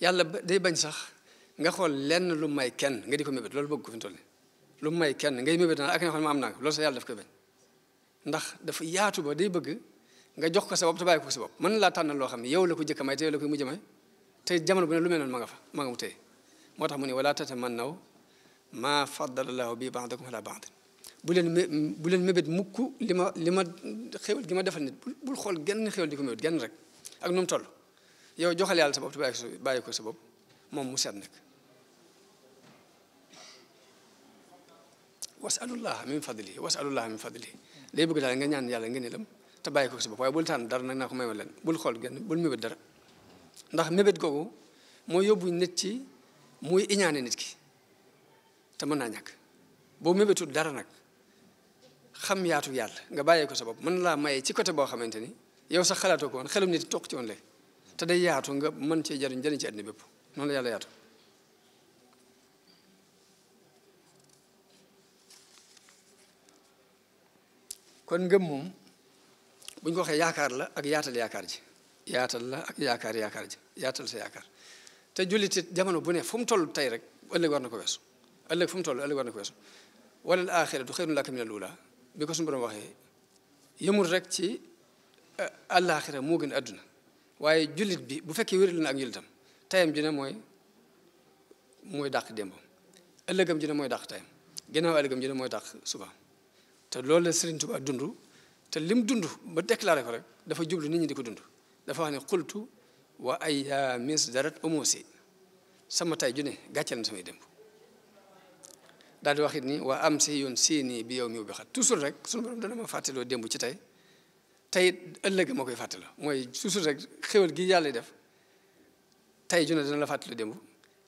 yàlla day bañ sax nga xool lenn lu may kenn nga di ko mébét loolu bëgg ko fi toll lu may kenn ngay mébét naa ak nga xam ne ma am naa ko loolu sax yàlla daf koy bañ ndax dafa yaatu ba day bëgg nga jox ko sa bopp te bàyyi ko sa bopp mën laa tànnal loo xam ne yow la ko jëkk may te yow la ko ne lu mel noonu ma nga fa ma nga mu moo tax mu ne wala tatamannaw maa faddala llaahu bi ba'dakum ala ba'd bu leen bu leen mébét mukk li ma li ma xéwal gi ma defal nit bul xool genn xéwal di ko mébét genn rek ak nu mu toll yow joxal yàlla sa bopp te bàyyi ko sa bàyyi ko sa bopp moom mu seet nag wasalullah min fadlihi wasalullah min fadlihi day bëgg daal nga ñaan yàlla nga nelam te bàyyi ko sa bopp waaye bul tànn dara nag naa ko may ma leen bul xool genn bul mébét dara ndax mébét googu moo yóbbu nit ci muy iñaane nit ki te mën naa ñàkk boo mébétul dara nag xam yaatu yàlla nga bàyyee ko sa bopp mën laa maye ci côté boo xamante ni yow sax xalaatoo ko xelum nit toq ci woon le te day yaatu nga mën cee jariñ jariñ ci àddina bépp noonu la yàlla yaatu kon ngëm moom bu ñu ko waxee yaakaar la ak yaatal yaakaar ji yaatal la ak yaakaar yaakaar ji yaatal sa yaakaar te jullit it jamono bu ne fu mu toll tey rek ëllëg war na ko weesu ëllëg fu mu toll ëllëg war na ko weesu wala al axiratu xayrun laka mina al ula bi ko suñu borom waxee yëmul rek ci eh, àllaaxira moo gën àdduna waaye jullit bi bu fekkee wéral na ak njullitam tayam ji ne mooy mooy dàq démbam ëllëgam ji ne mooy dàq tayam ginnaaw ëllëgam ji ne mooy dàq suba te loolu la Sëriñ Tuubaa dund te lim dund ba déclaré ko rek dafa jublu nit ñi di ko dund dafa wax waa ay mis darat amusi sama tay ju ne gàcce na samay démb daal di wax it ni waa am si yoon séenii bi yow miw bi xat toujours rek sunu borom dana ma fàttaloo démb ci tey tey ëllëg moo koy fàttaloo mooy toujours rek xéwal gi yàlla def tey ju ne la fàttaloo démb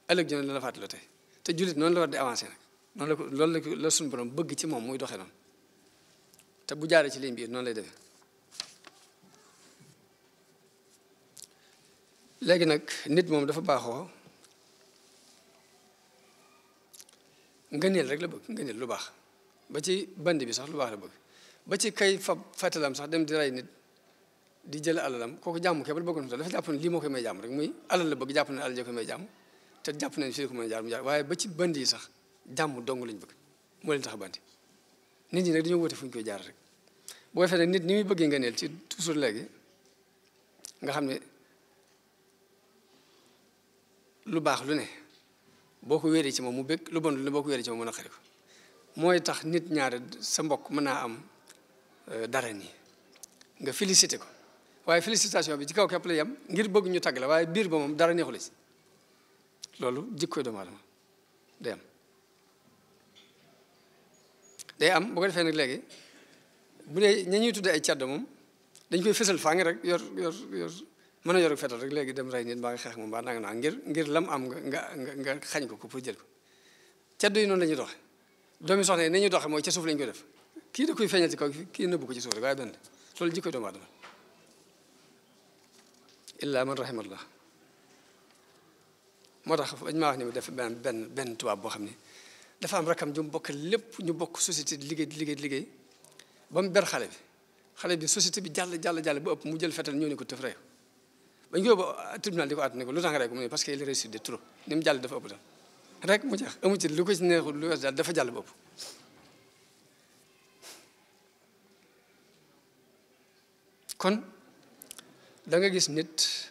ëllëg ju dana la fàttaloo tey te jullit noonu la war di avancer nag noonu la ko loolu la la sunu bëgg ci moom muy doxee noonu te bu jaaree ci ligne bi noonu lay defee léegi nag nit moom dafa baaxoo ngëneel rek la bëgg ngëneel lu baax ba ci bandi bi sax lu baax la bëgg ba ci kay fab fetalam sax dem di rey nit di jël alalam kooku jàmm kebal ba sax dafa jàpp ne lii moo koy jàmm rek muy alal la bëgg jàpp ne alal ja may jàmm jàpp nañ fii ko may waaye ba ci bandi yi sax jàmm dong lañ bëgg moo leen tax bandi nit ñi nag dañoo wute fu ñu koy jaar rek boo fee nit ñi muy bëggee ngëneel ci toujours léegi nga xam ne lu baax lu ne boo ko wéeree ci moom mu bëgg lu bon lu ne boo ko wéeree ci moom mu naqari ko mooy tax nit ñaare sa mbokk mën naa am euh, dara nii nga félicité ko waaye félicitation bi ci kaw képp la yem ngir bëgg ñu tagg la waaye biir ba moom dara neexu la ci loolu jikkoy doomu aadama day am day am bu ko defee nag léegi bu dee ña ñuy tuddee ay caddo moom dañ koy fësal faa ngi rek yor yor yor mën na yor fetal rek léegi dem rey nit mbaa nga xeex moom mbaa nanga naa ngir ngir lam am nga nga nga xañ ko ko pour jël ko ceddo yi noonu la ñuy doxe doomi soxna yi ni ñuy doxe mooy ca suuf la koy def kii da koy feeñal ci kaw kii nëbbu ko ci suuf rek waaye benn loolu jikkoy doomu aadama illaa moo tax ñu maa wax def benn benn benn tubaab boo xam ne dafa am rakam ju mu bokk lépp ñu bokk société di liggéey di liggéey liggéey ba mu ber xale bi xale bi société bi jàll jàll jàll ba ëpp mu jël fetal ñoo ne ko tëf rey bañ ko yóbbu tribunal di ko àtte ne ko lu tax nga rey ko mu ne parce que il réussit de trop rek mu jeex amu ci lu ko ci neexul lu wees daal dafa jàll bopp kon da nga gis nit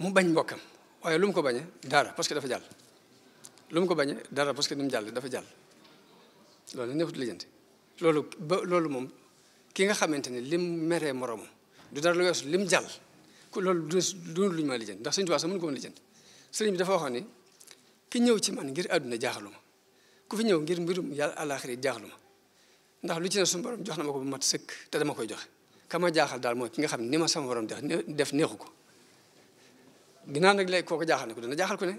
mu bañ mbokkam waaye lu mu ko bañee dara parce que dafa jàll lu mu ko bañee dara parce que ni mu jàll dafa jàll loolu neexut lijjanti loolu ba loolu moom ki nga xamante ne lim meree moroomam du dara lu weesu lim jàll ku loolu doon lu ñu ma lijjanti ndax sëñ Tuubaa sa mënu ko woon lijjanti sëriñ bi dafa waxoon ne ki ñëw ci man ngir àdduna jaaxlu ma ku fi ñëw ngir mbirum yàlla àllaaxira jaaxlu ma ndax lu ci ne suñu borom jox na ma ko bu mat sëkk te dama koy joxe kama jaaxal daal mooy ki nga xam ne ni ma sama borom def def neexu ko ginnaaw nag léegi kooku jaaxal ne ko dana jaaxal ku ne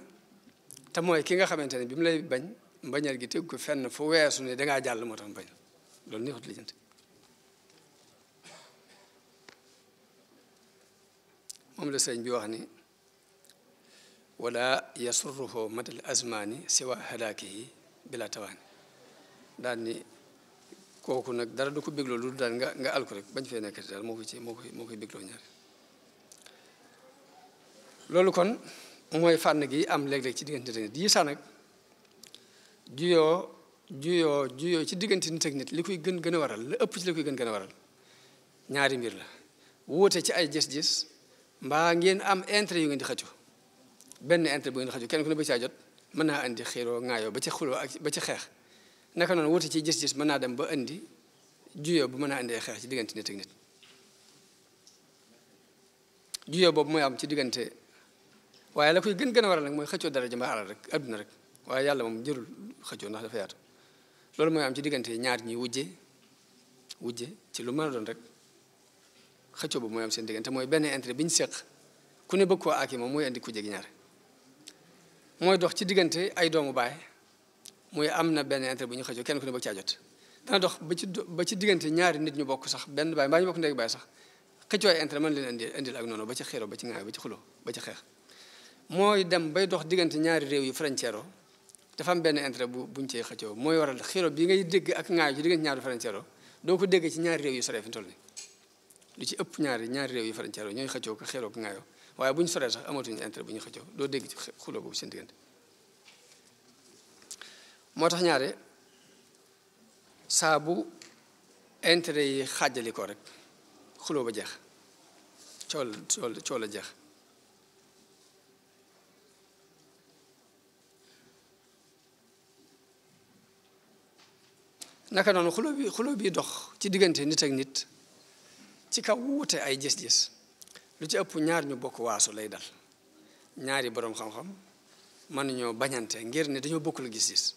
te mooy ki nga xamante ne bi mu lay bañ mbañeel gi teg ko fenn fu weesu ne dangaa jàll moo tax mu bañ loolu neexut lijjanti moom la sëriñ bi wax ni wala yasurruhu madal azmaani siwa halaakihi bila tawaani daan ni kooku nag dara du ko bégloo lu daan nga nga alku rek bañ fee nekk daal moo ci moo koy moo koy bégloo ñaar loolu kon mooy fànn gi am léeg-léeg ci diggante nit yi sax nag juyoo juyoo juyoo ci diggante nit ak nit li koy gën gën a waral la ëpp ci li koy gën gën a waral ñaari mbir la wuute ci ay gis-gis mbaa ngeen am intérêt yu ngeen di xëccu benn intérêt bu ngeen di xëccu kenn ku ne ba caa jot mën naa indi xiiroo ŋaayoo ba ci xuloo ak ba ci xeex naka noonu wuti ci gis-gis mën naa dem ba indi juyoo bu mën naa indi xeex ci diggante nit ak nit juyoo boobu mooy am ci diggante waaye la koy gën gën a waral nag mooy xëccoo dara jëmba alal rek adduna rek waaye yàlla moom jërul xëccoo ndax dafa yaatu loolu mooy am ci diggante ñaar ñi wujje wujje ci lu mën doon rek xëccoo boobu mooy am seen diggante mooy benn intérêt bi ñu seq ku ne bëgg koo aaki moom mooy indi ku jegi ñaar mooy dox ci diggante ay doomu baay muy am na benn intérêt bu ñu xëccoo kenn ku caa jot dana dox ba ci ba ci diggante ñaari nit ñu bokk sax benn baay mbaa ñu bokk ndey baay sax xëccoo ay intérêt mën leen indi indil ak noonu ba ci xeeroo ba ci ŋaay ba ci xuloo ba ci xeex mooy dem bay dox diggante ñaari réew yu frontière dafa am benn intérêt bu buñ cee xëccoo mooy waral xeeroo bi ngay dégg ak ŋaay ci diggante ñaari frontière doo ko dégg ci ñaari réew yu soree fi toll nii lu ci ëpp ñaari ñaari réew yi frontière ñooy xëccoo ko xeeroo ko ngaayoo waaye bu ñu soree sax amatuñu intérêt bu ñu xëccoo doo dégg ci xuloo boobu seen diggante moo tax ñaare saa bu yi xaajali ko rek xuloo ba jeex cool cool cool a jeex naka noonu xuloo bi xuloo bi dox ci diggante nit ak nit ci kaw wuute ay gis-gis lu ci ëpp ñaar ñu bokk waaso lay dal ñaari boroom xam-xam mën nañoo bañante ngir ne dañoo bokkul gis-gis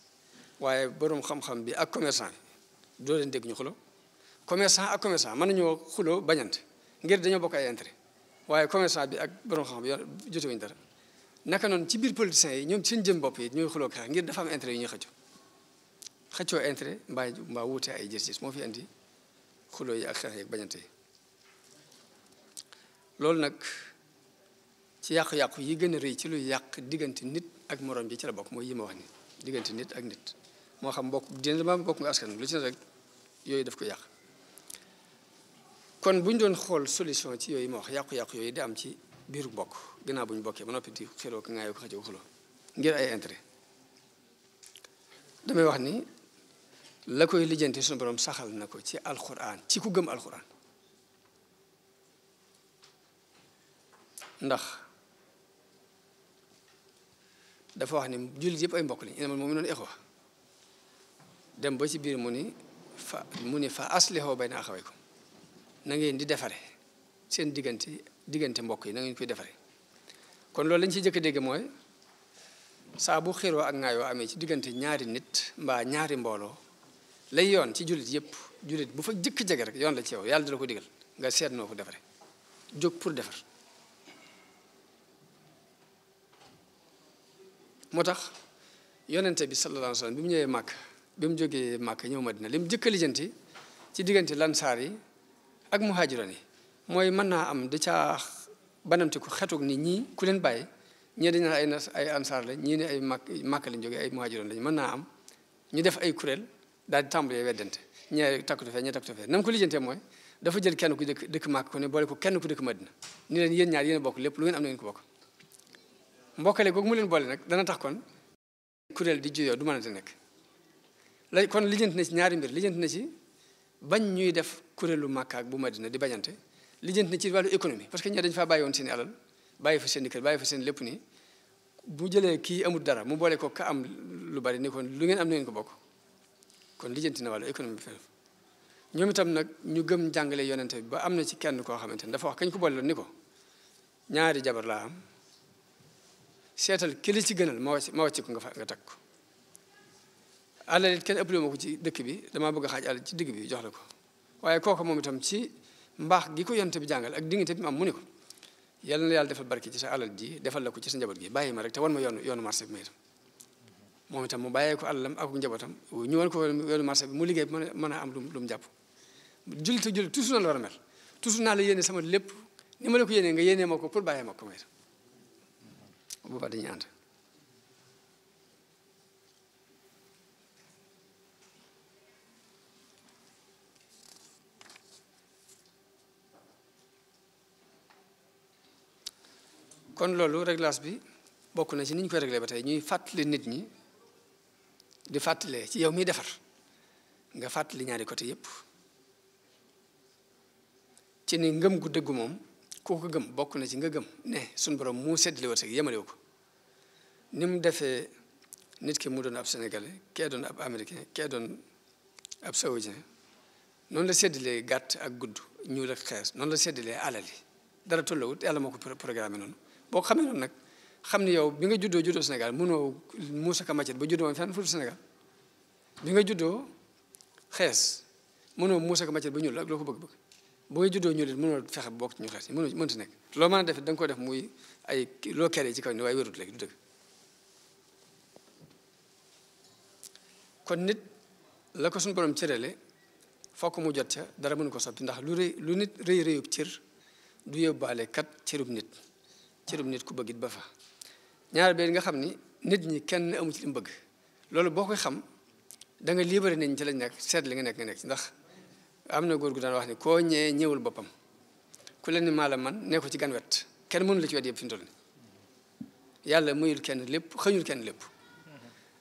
waaye boroom xam-xam bi ak commerçant bi doo leen dégg ñu xulo commerçant ak commerçant mën nañoo xulo bañante ngir dañoo bokk ay intérêt waaye commerçant bi ak boroom xam-xam bi jotewuñu dara naka noonu ci biir politiciens yi ñoom ci jëm bopp yi ñooy xuloo xeex ngir dafa am intérêt yu ñuy xëccoo xëccoo intérêt mbaa mbaa ay gis-gis moo fi andi xuloo yi ak xeex bañante loolu nag ci yàqu-yàqu yi gën a rëy ci lu yàq diggante nit ak moroom ji ci la bokk mooy yi ma wax ni diggante nit ak nit moo xam bokk dina ma bokk lu ci ne rek yooyu daf ko yàq kon bu doon xool solution ci yooyu ma wax yàqu-yàqu yooyu di am ci biiru bokk gannaaw bu ñu bokkee ba noppi di xeloo ko ngaayoo ko xëjoo xuloo ngir damay wax ni la koy lijjante suñu borom saxal na ko ci alxuraan ci ku gëm alxuraan ndax dafa wax ni jullit yëpp ay mbokk li inamal mu'minuuna ixwa dem ba ci biir mu ni fa mu ni fa aslihuu bayna axawaykum na ngeen di defare seen diggante diggante mbokk yi na ngeen koy defare kon loolu lañ ci jëkk dégg mooy saa bu xiroo ak ngaayoo amee ci diggante ñaari nit mbaa ñaari mbooloo la yoon ci jullit yëpp jullit bu fa jëkk jege rek yoon la ci yow yàlla dina ko digal nga seet noo ko defare jóg pour defar moo tax yonente bi sallallahu alayhi wa sallam bi mu ñëwee màkk bi mu jógee màkk ñëw madina li mu jëkk a lijjanti ci diggante lansaar yi ak muhaajiroon yi mooy mën naa am da caa banamti ku xetug ni ñii ku leen bàyyi ñii dañ naan ay nas ay ansaar la ñii ne ay màkk màkk lañ jógee ay muhaajiroon lañ mën naa am ñu def ay kuréel daal di tàmbalee weddante ñee takkutu fee ñee takkutu fee nam ko lijjantee mooy dafa jël kenn ku dëkk dëkk màkk ku ne boole ko kenn ku dëkk madina ni leen yéen ñaar yéen a bokk lépp lu ngeen am na ngeen ko bokk mbokkale googu mu leen boole nag dana tax kon kuréel di juyoo du mënante nekk la kon lijjanti na ci ñaari mbir lijjanti na ci bañ ñuy def kuréelu Màkka ak bu Madina di bañante lijjanti na ci wàllu économie parce que dañ faa bàyyi seen alal bàyyi fa seen i fa seen lépp nii bu jëlee kii amul dara mu boole ko ka am lu bari ni lu ngeen am na ngeen ko bokk kon lijjanti na wàllu économie ñoom itam nag ñu gëm jàngale yonante bi ba am na ci kenn koo xamante ni dafa wax kañ ko boole loon ni ko ñaari jabar laa am seetal ki la ci gënal ma wàcc ma wàcc ko nga fa nga takk ko alal it kenn ëppale ma ko ci dëkk bi damaa bëgg xaaj alal ci digg bi jox la ko waaye kooku moom itam ci mbaax gi ko yonte bi jàngal ak diggante bi mu am mu ne ko yàlla na yàlla defal barke ci sa alal ji defal la ko ci sa njaboot gi bàyyi ma rek te wan ma yoonu yoonu marché bi ma itam moom mu bàyyee ko alalam ak njabootam ñu wan ko yoonu marché bi mu liggéey mën a mën a am lu lu mu jàpp jullit a jullit toujours na la war a mel toujours naa la yéene sama lépp ni ma la ko yéene nga yéenee ma ko pour bàyyee ma ko ma itam boobaa dañuy ànd kon loolu réglage bi bokk na ci ni ñu koy réglé ba tey ñuy fàttali nit ñi di fàttalee ci yow miy defar nga fàttali ñaari côté yépp ci ni ngëm gu dëggu moom kooku ko gëm bokk na ci nga gëm ne suñu borom mu seddali wërsëg yemalewu ko ni mu defee nit ki mu doon ab sénégalais kee doon ab américain kee doon ab saoudien noonu la seddalee gàtt ak gudd ñuul ak xees noonu la seddalee alal yi dara tollawut yàlla moo ko programme noonu boo xamee noonu nag xam ni yow bi nga juddoo juddoo Sénégal mënoo muusa ka macet ba juddoo fenn fu Sénégal bi nga juddoo xees mënoo muusa ka macet ba ñuul ak loo ko bëgg-bëgg booy juddoo ñu leen mënoo fexe bokk ci ñu xees ñi mënoo mënti nekk loo mën a def da nga ko def muy ay loo kere ci kaw ni waaye wérut léegi dëgg kon nit la ko suñu borom cërale fokk mu jot ca dara mënu ko soppi ndax lu rëy lu nit rëy rëyub cër du yóbbaale kat cërub nit cërub nit ku bëggit ba fa ñaar bee nga xam ni nit ñi kenn amu ci li bëgg loolu boo koy xam da nga libéré nañ ci lañ nekk seet li nga nekk nga nekk ci ndax am na góor gu daan wax ni koo ñëwee ñëwul boppam ku leen ni maa la man ne ci gan wet kenn mënu la ci wet yëpp fi mu toll nii yàlla muyul kenn lépp xëñul kenn lépp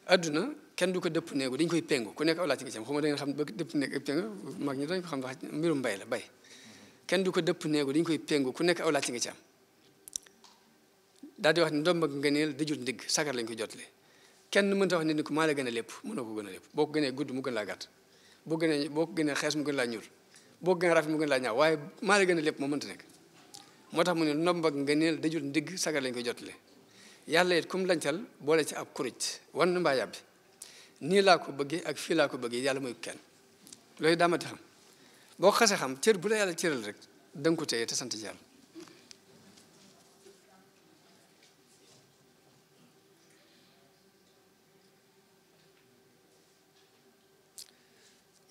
adduna kenn du ko dëpp néegu dañ koy péngu ku nekk laa ci nga cam xuma da ngeen xam bëgg dëpp néegu péngu mag ñi dañ ko xam wax mbirum mbay la bay kenn du ko dëpp néegu dañ koy péngu ku nekk awlaa ci nga cam daal di wax ni ndomb ak ngëneel dajul ndigg sagar lañ jot le kenn mënta wax ne ni ko maa la gën a lépp mënoo ko gën a lépp boo ko gënee gudd mu gën laa gàtt boo gënee boo ko gënee xees mu gën laa ñuul boo gënee rafet mu gën laa ñaaw waaye maa la gën a lépp moo mënta nekk moo tax mu ne ndomb ak ngëneel dajul ndigg sagar lañ koy jotale yàlla it kum lancal boole ci ab kurit wan mbaa yàbbi nii laa ko bëggee ak fii laa ko bëggee yàlla mooy kenn loolu daamati xam boo xasee xam cër bu la yàlla cëral rek danga ko téye te sant ci yàlla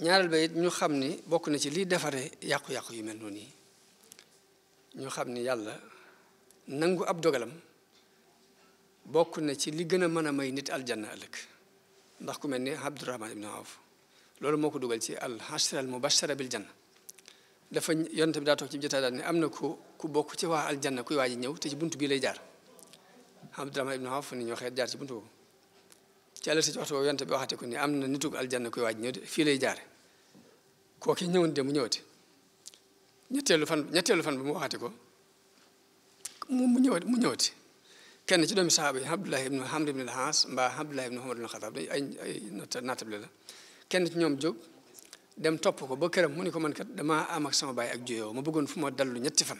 ñaareel ba it ñu xam ni bokk na ci liy defaree yàqu-yàqu yu mel noonu yi ñu xam ni yàlla nangu ab dogalam bokk na ci li gën a mën a may nit aljanna ëllëg ndax ku mel ni Abdurahman ibn Awf loolu moo ko dugal ci al hashra al mubashara bil janna dafa yonte bi daa toog ci jotaay daal ne am na ku ku bokk ci waa aljanna kuy waaji ñëw te ci bunt bii lay jaar Abdurahman ibn Awf ni ñoo xeet jaar ci buntu boobu ci àll si waxtu boobu yonte bi waxate ko ni am na nitug aljanna kuy waaji fii lay jaare kooki ñëwoon dem mu ñëwati ñetteelu fan ñetteelu fan bi mu waxati ko mu mu ñëwati mu ñëwati kenn ci doomi saxaaba yi Abdullah ibn Amr ibn al-As mbaa Abdullah ibn Umar ibn Xataab dañ ay ay nattable la kenn ci ñoom jóg dem topp ko ba këram mu ne ko man kat damaa am ak sama baay ak juyoo ma bëggoon fu ma dallu ñetti fan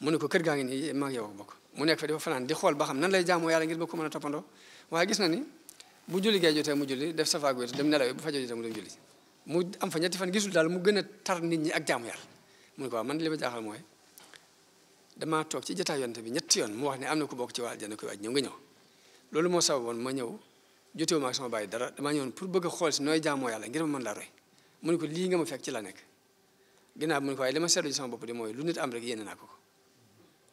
mu ni ko kër gaa ngi nii maa ngi yow bokk mu nekk fa dafa fanaan di xool ba xam nan lay jaamoo yàlla ngir ba ko mën a toppandoo waaye gis na ni bu julli gee jotee mu julli def safaak wéet dem nelaw bu fajo jotee mu dem mu am fa ñetti fan gisul daal mu gën a tar nit ñi ak jaamu yàlla mu ne ko man li ma jaaxal mooy damaa toog ci jotaay yonte bi ñetti yoon mu wax ne am na ku bokk ci waa aljanna koy waaj ñëw nga ñëw loolu moo sababoon ma ñëw jotewuma ak sama bàyyi dara damaa ñëwoon pour bëgg xool si nooy jaamoo yàlla ngir ma mën laa roy mu ko lii nga ma fekk ci la nekk ginnaaw mu ne ko waaye li ma seetlu ci sama bopp mooy lu nit am rek yéene naa ko ko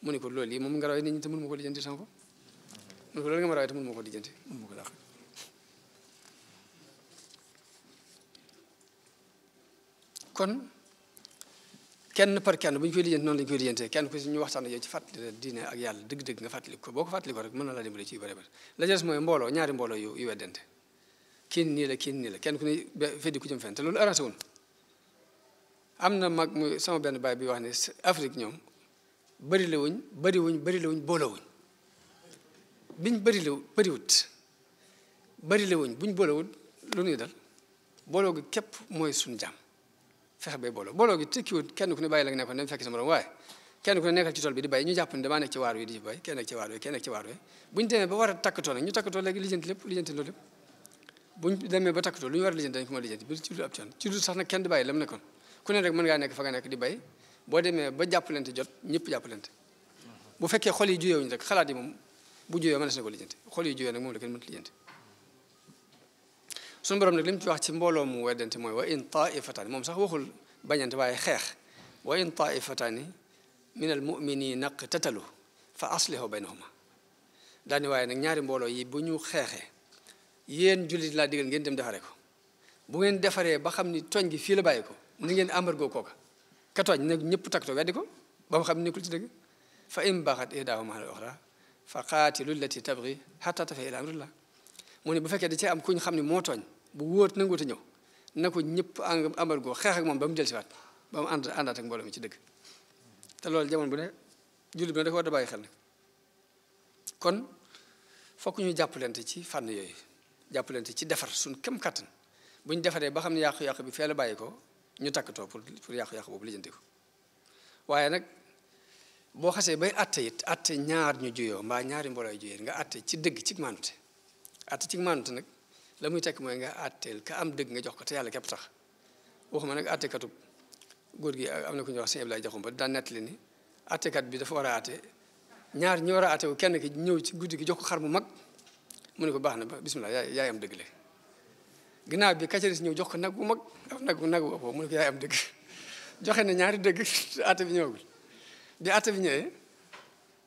mu ne ko loolu yi moom nga roy nit ñi te ma ko lijjanti sama bopp mu ne ko loolu nga te mënu ma ko lijjanti mënu ma ko dàq kon kenn par kenn bu ñu koy lijjanti noonu la ñu koy lijjantee kenn ku ñu waxtaan ak yow ci fàttali diine ak yàlla dëgg-dëgg nga fàttali ko boo ko fàttali ko rek mën na laa dimbali ci yu bëri bëri la kii nii la kii nii la kenn ku ne feddi ku jëm fenn te loolu am na mag muy sama benn baay bi wax ne Afrique ñoom bëri wuñ bëri wuñ bëri la biñ bëri la bëriwut bëri wuñ buñ booloo wul lu ñuy dal booloo gi képp mooy suñu jàmm fexe bay booloo booloo gi tekkiwut kenn ku ne bàyyi la nga nekkoon dem fekk sa morom waaye kenn ku ne nekkal ci tool bi di bay ñu jàpp ne damaa nekk ci waar wi di ci kenn a ku ne nekk fa nga nekk yi juyewuñu rek moom la kenn mënut lijjanti suñu borom nag li mu ci wax ci mbooloo mu weddante mooy wa in taifataani moom sax waxul bañante waaye xeex wa in taifataani min al naq qtatalu fa aslihu baynahuma daani waaye nag ñaari mbooloo yi bu ñu xeexee yéen jullit laa digal ngeen dem defaree ko bu ngeen defaree ba xam ni tooñ gi fii la bàyyi ko ni ngeen amargoo kooka ka tooñ nag ñëpp takkatoo weddi ko ba mu xam ne nekkul ci dëgg fa in baxat ihdaahuma ala oxra fa qaatilu llati tabri xata tafe ila amrillah mu ne bu fekkee da cee am kuñ xam ne moo bu wóot nanguute ñëw na ko ñëpp eng amal goo xeex moom ba mu jël si waat ba mu ànd àndaat ak mbooloo mi ci dëgg te loolu jamono bu ne jullit bi ne da war a bàyyi xel nag kon fokk ñu jàppalante ci fànn yooyu jàppalante ci defar suñ kem kattan bu ñu defaree ba xam ne yàqu-yàqu bi fee la bàyyi ko ñu takkatoo pour pour yàqu-yàqu boobu lijjanti ko waaye nag boo xasee bay atte it atte ñaar ñu juyoo mbaa ñaari mbooloo juyee nga atte ci dëgg ci maanute atte ci nag la muy tekk mooy nga àtteel ka am dëgg nga jox ko te yàlla képp tax waxuma nag àttekatu góor gi am na ku ñuy wax sëñ Abdoulaye Jaxum ba daan nettali ni àttekat bi dafa war a ñaar ñi war a àtte wu kenn ki ñëw ci guddi gi jox ko xar mu mag mu ne ko baax na ba bismillah yaay yaay am dëgg le ginnaaw bi kàcce si ñëw jox ko nag bu mag nag nag bu mu ne ko yaay am dëgg joxe na ñaari dëgg àtte bi ñëwagul bi àtte bi ñëwee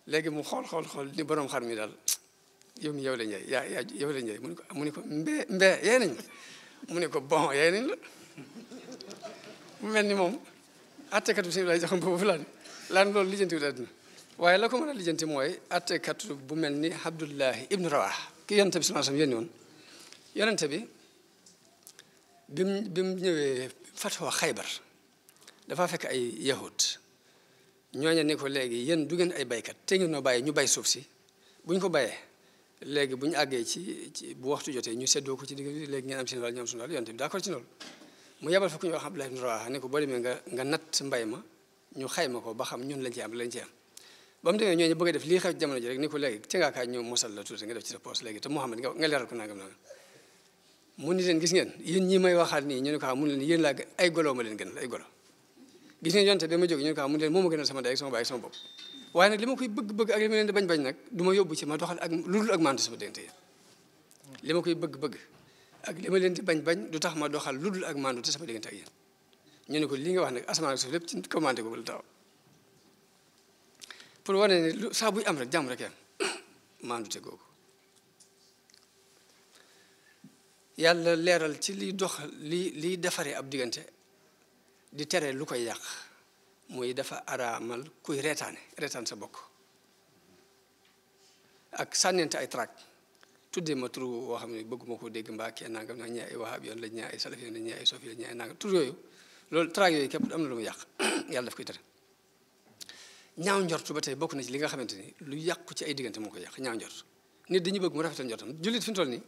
léegi mu xool xool xool di borom xar mi daal. yow mi yow la ñëw yaa yow la ñëw mu ne ko mu ne ko mbee mbee yee nañ mu ne ko bon yee nañ la mu mel ni moom attekatu bi sëñ Abdoulaye Diakhoum boobu laan laan loolu lijjanti wul àddina waaye la ko mën a mooy attekatu bu mel ni Abdullahi ibnu Rawah ki yonente bi sallallahu alayhi wasallam yónni woon yonente bi bi mu bi mu ñëwee fatwa Xaybar dafa fekk ay yahud ñooñu ne ko léegi yéen du ngeen ay baykat te ngeen noo bàyyi ñu bay suuf si buñ ko bayee léegi bu ñu àggee ci ci bu waxtu jotee ñu seddoo ko ci digg bi léegi ngeen am seen wàll ñu am suñu yonte bi d'accord ci loolu mu yebal fa ku ñu wax Abdoulaye ibn Rawaha ne ko boo demee nga nga natt mbay ma ñu xayma ko ba xam ñun lañ am lañ ci def lii xew ci jamono ji rek ni ko léegi ci ngaa kaay ñu mosal la tuuti nga def ci sa poos léegi te Mouhamed nga leeral ko nangam nangam mu ni leen gis ngeen yéen ñi may waxaat nii ñu ne ko xam ah mu ne leen yéen laa ay golo ma leen gënal ay golo gis ngeen yonte ba ah sama day sama baay sama bopp waaye nag li ma koy bëgg-bëgg ak li ma leen di bañ-bañ nag duma ma yóbbu ci ma doxal ak lu dul ak mandu sama dente li ma koy bëgg-bëgg ak li ma leen di bañ-bañ du tax ma doxal lu dul ak mandu te sama diggante ak yan ñu ne ko li nga wax ne asamaan ak lépp ci commandé ko la taw pour wane ne lu saa am rek jàmm rek am mandu googu yàlla leeral ci liy dox li liy defaree ab diggante di tere lu koy yàq muy dafa araamal kuy reetaane reetaan sa bokk ak sànnente ay tract tuddee ma tur woo xam ne bëgguma koo dégg mbaa kee nangam na ñi ay wahab yoon la ñi ay salaf yoon la ñi ay sofi la ñi ay nangam tur yooyu loolu tract yooyu képp am na lu mu yàq yàlla daf koy tere ñaaw njortu ba tey bokk na ci li nga xamante ni lu yàqu ci ay diggante moo koy yàq ñaaw njort nit dañuy bëgg mu rafetal njortam jullit fi mu toll nii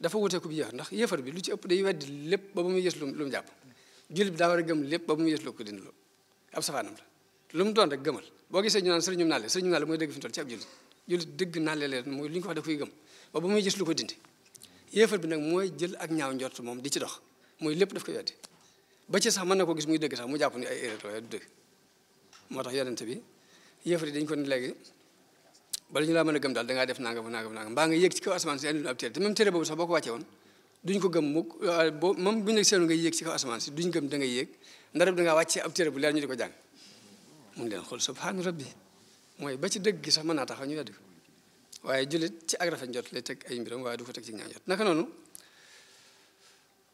dafa wuteeku bi yéefar ndax yéefar bi lu ci ëpp day weddi lépp ba ba muy yës jàpp jullit bi daa war lépp loo ko dindiloo ab safaanam la lu mu doon rek gëmal boo gisee ñu naan sëriñum naale sëriñum naale mooy dëgg fi mu toll ci ab jullit jullit dëgg naale leen mooy lu ñu ko wax da koy bi nag mooy jël ak ñaaw njort moom di ci dox mooy lépp daf ko weddi ba ci sax mën na ko gis muy dëgg sax mu jàpp ni ay erreur du dëgg moo tax yonente bi yéefar yi dañ ko ni léegi bala ñu laa mën a gëm daal da def nangam mbaa nga yéeg ci kaw asamaan si andi lu ab téere te même téere boobu sax boo ko wàcce woon duñ ko gëm mukk boo moom bu ñu seenu nga yéeg ci kaw asamaan si duñ gëm da nga yéeg ndarab da ngaa wàccee ab téere bu leer ñu di ko jàng mu ngi leen xool subhaana rabbi mooy ba ci dëgg gi sax man naa tax ñu weddi ko waaye jullit ci ak rafet njot lay teg ay mbiram waaye du ko teg ci ñaaw njot naka noonu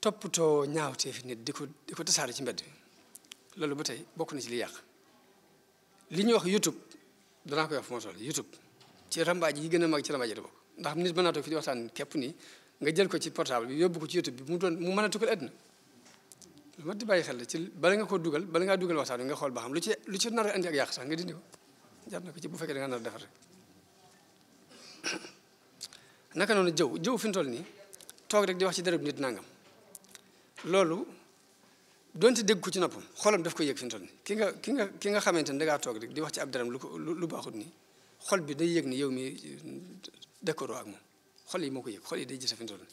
toppatoo ñaawtee fi nit di ko di ko tasaare ci mbedd loolu ba tey bokk na ci li yàq li ñuy wax youtube danaa koy wax fu ma toll youtube ci rambaaj yi gën a mag ci ndax nit mën naa toog képp nii nga jël ko ci portable bi yóbbu ko ci youtube bi mu doon mu mën a tukkal àddina lu bàyyi xel la ci bala nga ko dugal bala ngaa dugal waxtaan wi nga xool ba xam lu ci lu ci nar a indi ak yàq sax nga dindi ko jar na ko ci bu fekkee da nga nar a jëw jëw fi mu toll nii toog rek di wax ci dara nit nangam loolu donte dégg ko ci noppam xolam daf koy yëg fi mu toll ki nga ki nga ki nga xamante ne dangaa toog rek di wax ci ab daram lu ko lu baaxut nii xol bi day yëg ni yow mi euh, dëkkaroo ak moom xol yi moo ko yëg xol yi day gis fi mu toll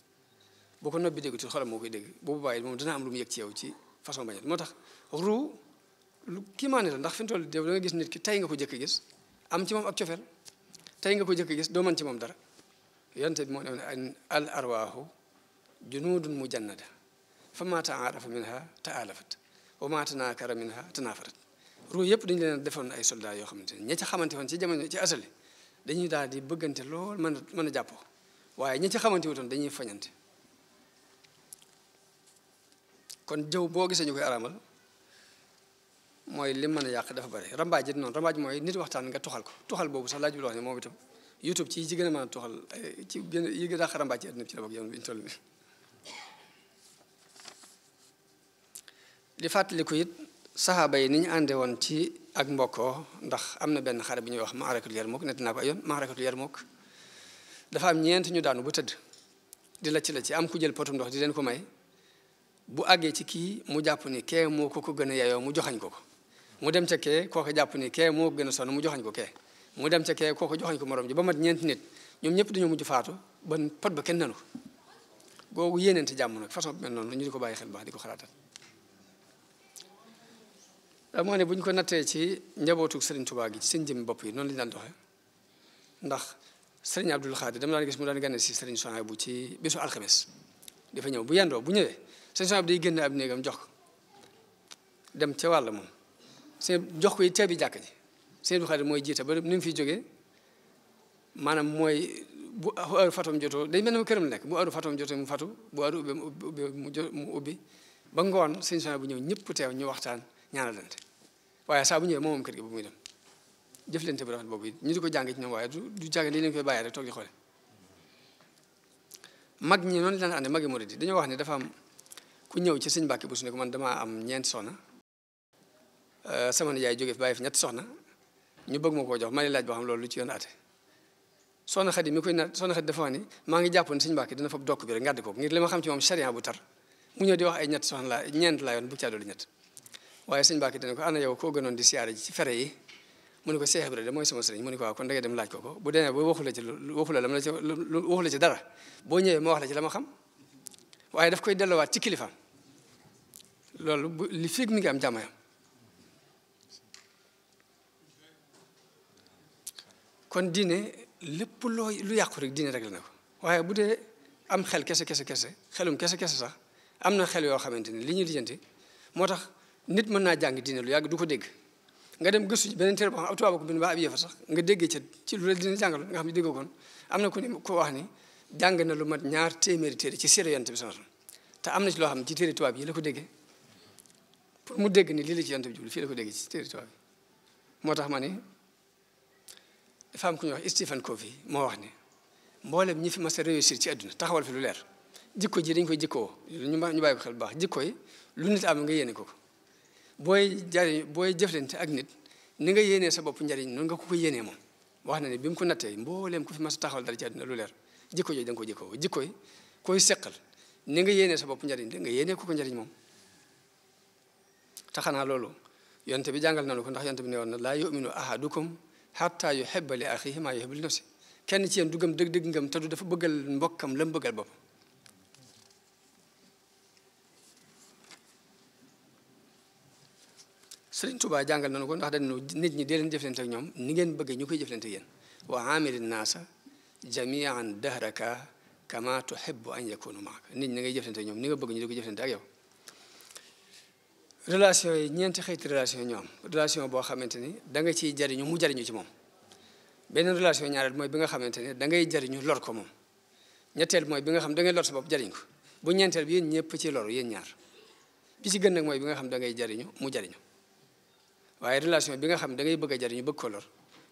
boo ko nobbi déggutul xolam moo koy dégg boobu bàyyi moom dina am lu mu yëg ci yow ci façon bañet moo la ndax fi mu toll da nga gis nit ki tey nga ko jëkk gis am ci moom ak cofeel tey nga ko jëkk gis doo man ci moom dara yonte bi moo ne al arwaahu junudun rafe fa ma taarafa minha taalafat wa ma tanaakara minha tanaafarat ruu yëpp dañu leen defoon ay soldats yoo xamante ne ña ca xamante woon ci jamono ci asali dañuy daal di bëggante lool man a mën a jàppoo waaye ñi ci xamante wutoon dañuy fañante kon jëw boo gisee ñu koy aramal mooy li mën a yàq dafa bari rambaaj it noonu rambaaj mooy nit waxtaan nga tuxal ko tuxal boobu sax laaj bi loo xam ne moom itam youtube ci yi ci ci gën a rambaaj ci àddina bi fàttaliku it saxaaba yi ni ñu ànde woon ci ak mbokkoo ndax am na benn xare bi ñuy wax maarakatul yarmuk nett naa ko ay yoon maarakatul yarmuk dafa am ñeent ñu daanu ba tëdd di la ci la ci am ku jël ndox di leen ko may bu àggee ci kii mu jàpp ni kee moo ko ko gën a yeyoo mu joxañ ko ko mu dem ca kee kooko jàpp ni kee moo gën a sonn mu joxañ ko kee mu dem ca kee kooko joxañ ko morom ji ba mat ñeenti nit ñoom ñëpp dañoo mujj faatu ba pot ba kenn nanu googu yéeneente jàmm nag façon bi mel noonu ñu di ko bàyyi xel baax di ko xalaatal moo ne ko nattee ci njabootu Serigne Touba gi ci seen jëmmi bopp yi noonu lañu daan doxee ndax sëriñ Abdul Xaadir dama daan gis mu daan gane si sëriñ Sonia bu ci bésu alxames dafa ñëw bu yendoo bu ñëwee sëriñ Sonia day génn ab néegam jox ko dem ca wàll moom sëriñ jox ko caabi jàkk ji sëriñ Abdul Xaadir mooy jiite ba ni mu fiy jógee maanaam mooy bu heure fatom jotoo day mel kër mu këram nekk bu heure fatom jotoo mu fatu bu heure ubbi mu ubbi ba ngoon sëriñ Sonia bu ñëw ñëpp teew ñu waxtaan ñaanalante waaye saa bu ñëwee moom kër gi bu muy dem jëflante bu rafet boobu it ñu di ko jàng ci ñoom waaye du du jàng lii lañ koy bàyyi rek toog di xoole mag ñi noonu daan dañoo wax ne dafa am ku ñëw ci sëñ Mbàkke bu su ne damaa am ñeent soxna euh, sama nijaay jóge fi bàyyi fi ñetti soxna ñu bëgg ma koo jox ma ne laaj lu ci yoon aate soxna xat yi ngi jàppoon sëñ Mbàkke dina fab dokk bi rek ngàdd ko ngir li ma xam ci moom ñett la ñeent laa yoon bu caa doolu ñett waaye sëñ Mbàkke dina ko ana yow koo gënoon di siyaare ji ci fere yi mu ne ko Cheikh Ibrahima mooy sama sëriñ mu ne ko waaw kon da dem laaj ko ko bu demee ba waxu la ci waxu la la ci waxu la ci dara boo ñëwee ma wax la ci la ma xam waaye daf koy delluwaat ci kilifaam loolu li fiig mi am jàmmayam kon diine lépp loo lu yàqu rek rek na waaye bu dee am xel kese kese kese xelum kese kese sax am na xel yoo xamante ni li ñuy lijjanti moo tax nit mën naa jàng diine lu yàgg du ko dégg nga dem gëstu beneen téere boo xam ab tubaab ko bind ba ab yëfa sax nga déggee ca ci lu la dina jàngal nga xam ne déggoo am na ko ne ko wax ni jàng na lu mat ñaar téeméeri téere ci séeréer yonent bi sama te am na ci loo xam ne ci téere tubaab yi la ko déggee pour mu dégg ni lii la ci yonent bi jublu fii la ko déggee ci téere tubaab moo tax ma ne dafa ñuy wax Stephen Covey moo wax ni mboolem ñi fi mas a réussir ci àdduna taxawal fi lu leer jikko ji dañ koy jikkoo ñu bàyyi ko xel bu baax jikko yi lu nit am nga yéene ko ko booy jari booy jëflante ak nit ni nga yéenee sa bopp njariñ noonu nga ko ko yéenee moom wax na ne bi mu ko nattee mbooleem ku fi mas a taxawal dara ci na lu leer jikko yooyu da ko jikkoo jikko yi koy seqal ni nga yéenee sa bopp njariñ da nga yéenee ku ko njariñ moom te xanaa loolu yonte bi jàngal nañu ko ndax yonte bi ne woon na laa yuminu ahadukum hatta yuhibba li axihi maa yuhibbu li si kenn ci yen du gëm dëgg-dëgg ngam te du dafa bëggal mbokkam la mu bëggal boppam Sëriñ Tuubaa jàngal nañu ko ndax dañu nit ñi dee leen jëflante ñoom ni ngeen bëggee ñu koy jëflante yéen wa aamilin naasa jamian dahraka kama tuhibbu an yakunu maaka nit ñi ngay jëflante ñoom ni nga bëgg ñu di ko jëflante ak yow relation yi ñeenti xëyt relation yi ñoo relation boo xamante ni da ciy jariñu mu jariñu ci moom beneen relation ñaareel mooy bi nga xamante ni da ngay jariñu lor ko moom ñetteel mooy bi nga xam da ngay lor sa bopp jariñ ko bu ñeenteel bi yéen ñëpp ci loru yéen ñaar bi ci gën nag mooy bi nga xam da ngay jariñu mu jariñu waaye relation bi nga xam ne da bëgg a jariñu bëgg ko lor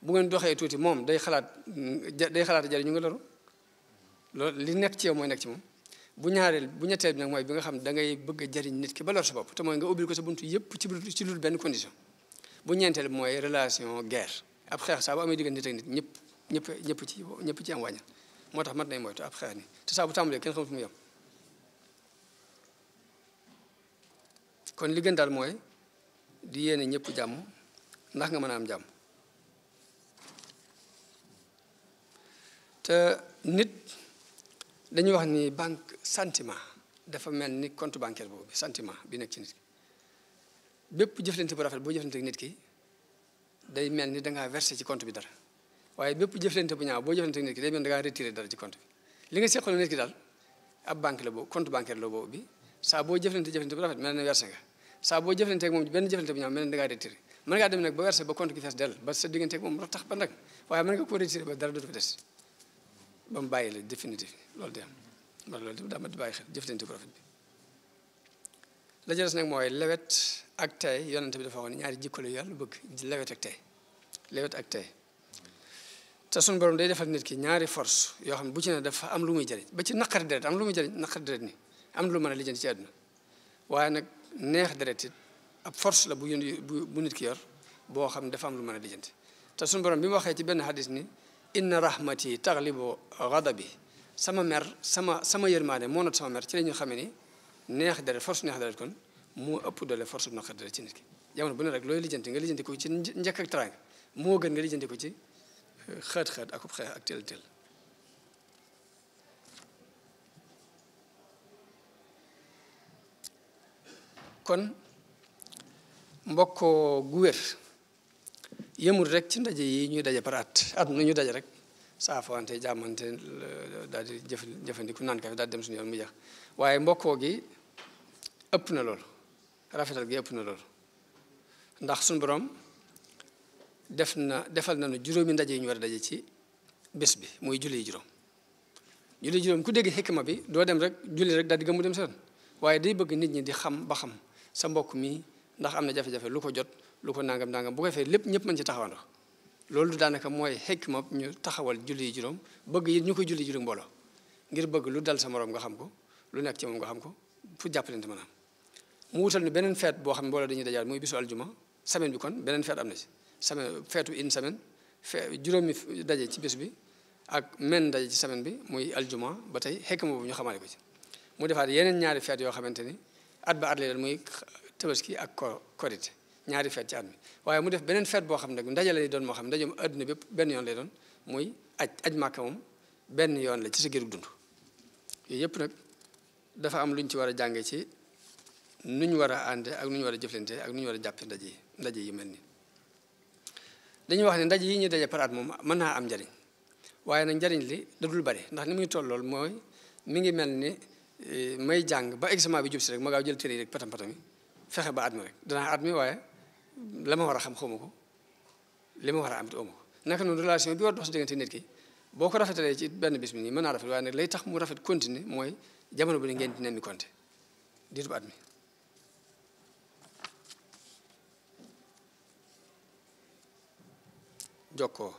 bu ngeen doxee tuuti moom day xalaat day xalaat a jariñu nga loru loolu li nekk ci yow mooy nekk ci moom bu ñaareel bu ñetteel bi nag mooy bi nga xam da ngay bëgg a nit ki ba lor sa bopp te mooy nga ubbil ko sa bunt yëpp ci ci lul benn condition bu ñeenteel mooy relation guerre ab xeex saa bu amee diggante nit ak nit ñëpp ñëpp ñëpp ci ñëpp ci am wàññal moo tax mat mooy moytu ab xeex ni te saa bu tàmbalee kenn fu mu yem kon daal mooy di yéene ñëpp jàmm ndax nga mën a am jàmm te nit dañuy wax ni banque sentiment dafa mel ni compte bancaire boobu sentiment bi nekk ci nit ki bépp jëflante bu rafet boo jëflante nit ki day mel ni da ngaa versé ci compte bi dara waaye bépp jëflante bu boo jëflante nit ki day mel ni da ngaa dara ci compte bi li nga seqaloon nit ki daal ab banque la boobu compte bancaire la boobu bi saa boo jëflante jëflante bu rafet mel na versé nga saa boo jëflanteeg moom benn jëflante bu ñaaw mel ne da ngaa retiré mën ngaa dem nag ba verser ba compte gi fees dell ba sa digganteeg moom tax ba nag waaye mën nga ko retiré ba dara dootu ko des ba mu bàyyi la définitif loolu day am loolu loolu daa ma di bàyyi xel jëflante bu rafet bi nag mooy lawet ak tey yonent bi dafa waxoon ñaari jikko la yàlla bëgg lawet ak tey lewet ak tey te suñu borom day defal nit ki ñaari force yoo xam ne bu ci ne dafa am lu muy jëriñ ba ci naqari deret am lu muy jëriñ naqari deret ni am lu mën a lijjanti neex deret it ab force la bu yónni bu nit ki yor boo xam ne dafa am lu mën a lijjanti te suñu borom bi waxee ci benn xadis ni inna rahmati taglibu ghadabi sama mer sama sama yërmaane moo not sama mer ci la ñu xamee ni neex deret force neex deret kon moo ëpp doole force bu naqar deret ci nit ki jamono bu ne rek looy lijjanti nga lijjanti ko ci njëkk ak teraanga moo gën nga lijjanti ko ci xët-xët akub xeex ak teel-teel kon mbokkoo gu wér yëmul rek ci ndaje yi ñuy daje par at at nu ñu daje rek saafawante jàmmante dal di jëf jëfandiku naan kafe daal di dem suñu yoon mu jeex waaye mbokkoo gi ëpp na loolu rafetal gi ëpp na loolu ndax suñu borom def na defal nañu juróomi ndaje yi ñu war a daje ci bés bi muy julli juróom julli juróom ku dégg xikma bi doo dem rek julli rek daal di gëm dem seen waaye day bëgg nit ñi di xam ba xam sa mbokk mi ndax am na jafe-jafe lu ko jot lu ko nangam nangam bu ko defee lépp ñëpp mën ci taxawandoo loolu daanaka mooy xekk ma ñu taxawal julli juróom bëgg yi ñu koy julli juróom mbooloo ngir bëgg lu dal sa morom nga xam ko lu nekk ci moom nga xam ko fu jàppalante mën a am mu wutal ni beneen feet boo xam ne mbooloo dañuy dajaat muy bisu aljuma semaine bi kon beneen feet am na ci semaine feetu une semaine fee juróomi ci bés bi ak men daje semaine bi muy aljuma ba tey xekk ma ñu xamaale ko ci mu defaat yeneen ñaari feet yoo xamante ni at ba at lay doon muy tabaski ak ko ñaari feet ci at waaye mu def beneen feet boo xam ne ndaje lay doon moo xam ne ndaje mu adduna bépp benn yoon lay doon muy aj aj màkka moom benn yoon la ci sa gërug dund yooyu yëpp nag dafa am lu ñu ci war a jànge ci nu war a ànde ak nu war a jëflante ak nu ñu war a jàppe ndaje yi mel ni dañuy wax ne ndaje yi ñuy daje par at moom mën naa am njariñ waaye nag njariñ li da dul bare ndax ni muy toll mooy mi ngi mel ni Euh, may jàng ba examen bi jub si rek ma gaaw jël téere yi rek patam patam fexe ba at mi rek danaa at mi waaye la ma war a xam xawma ko li ma war a am te amu ko naka noonu relation bi war dox si diggante nit ki boo ko rafetalee ci benn bis mi nii mën naa rafet waaye lay tax mu rafet continuer mooy jamono bi ne ngeen di nemmi compter diiru at jokkoo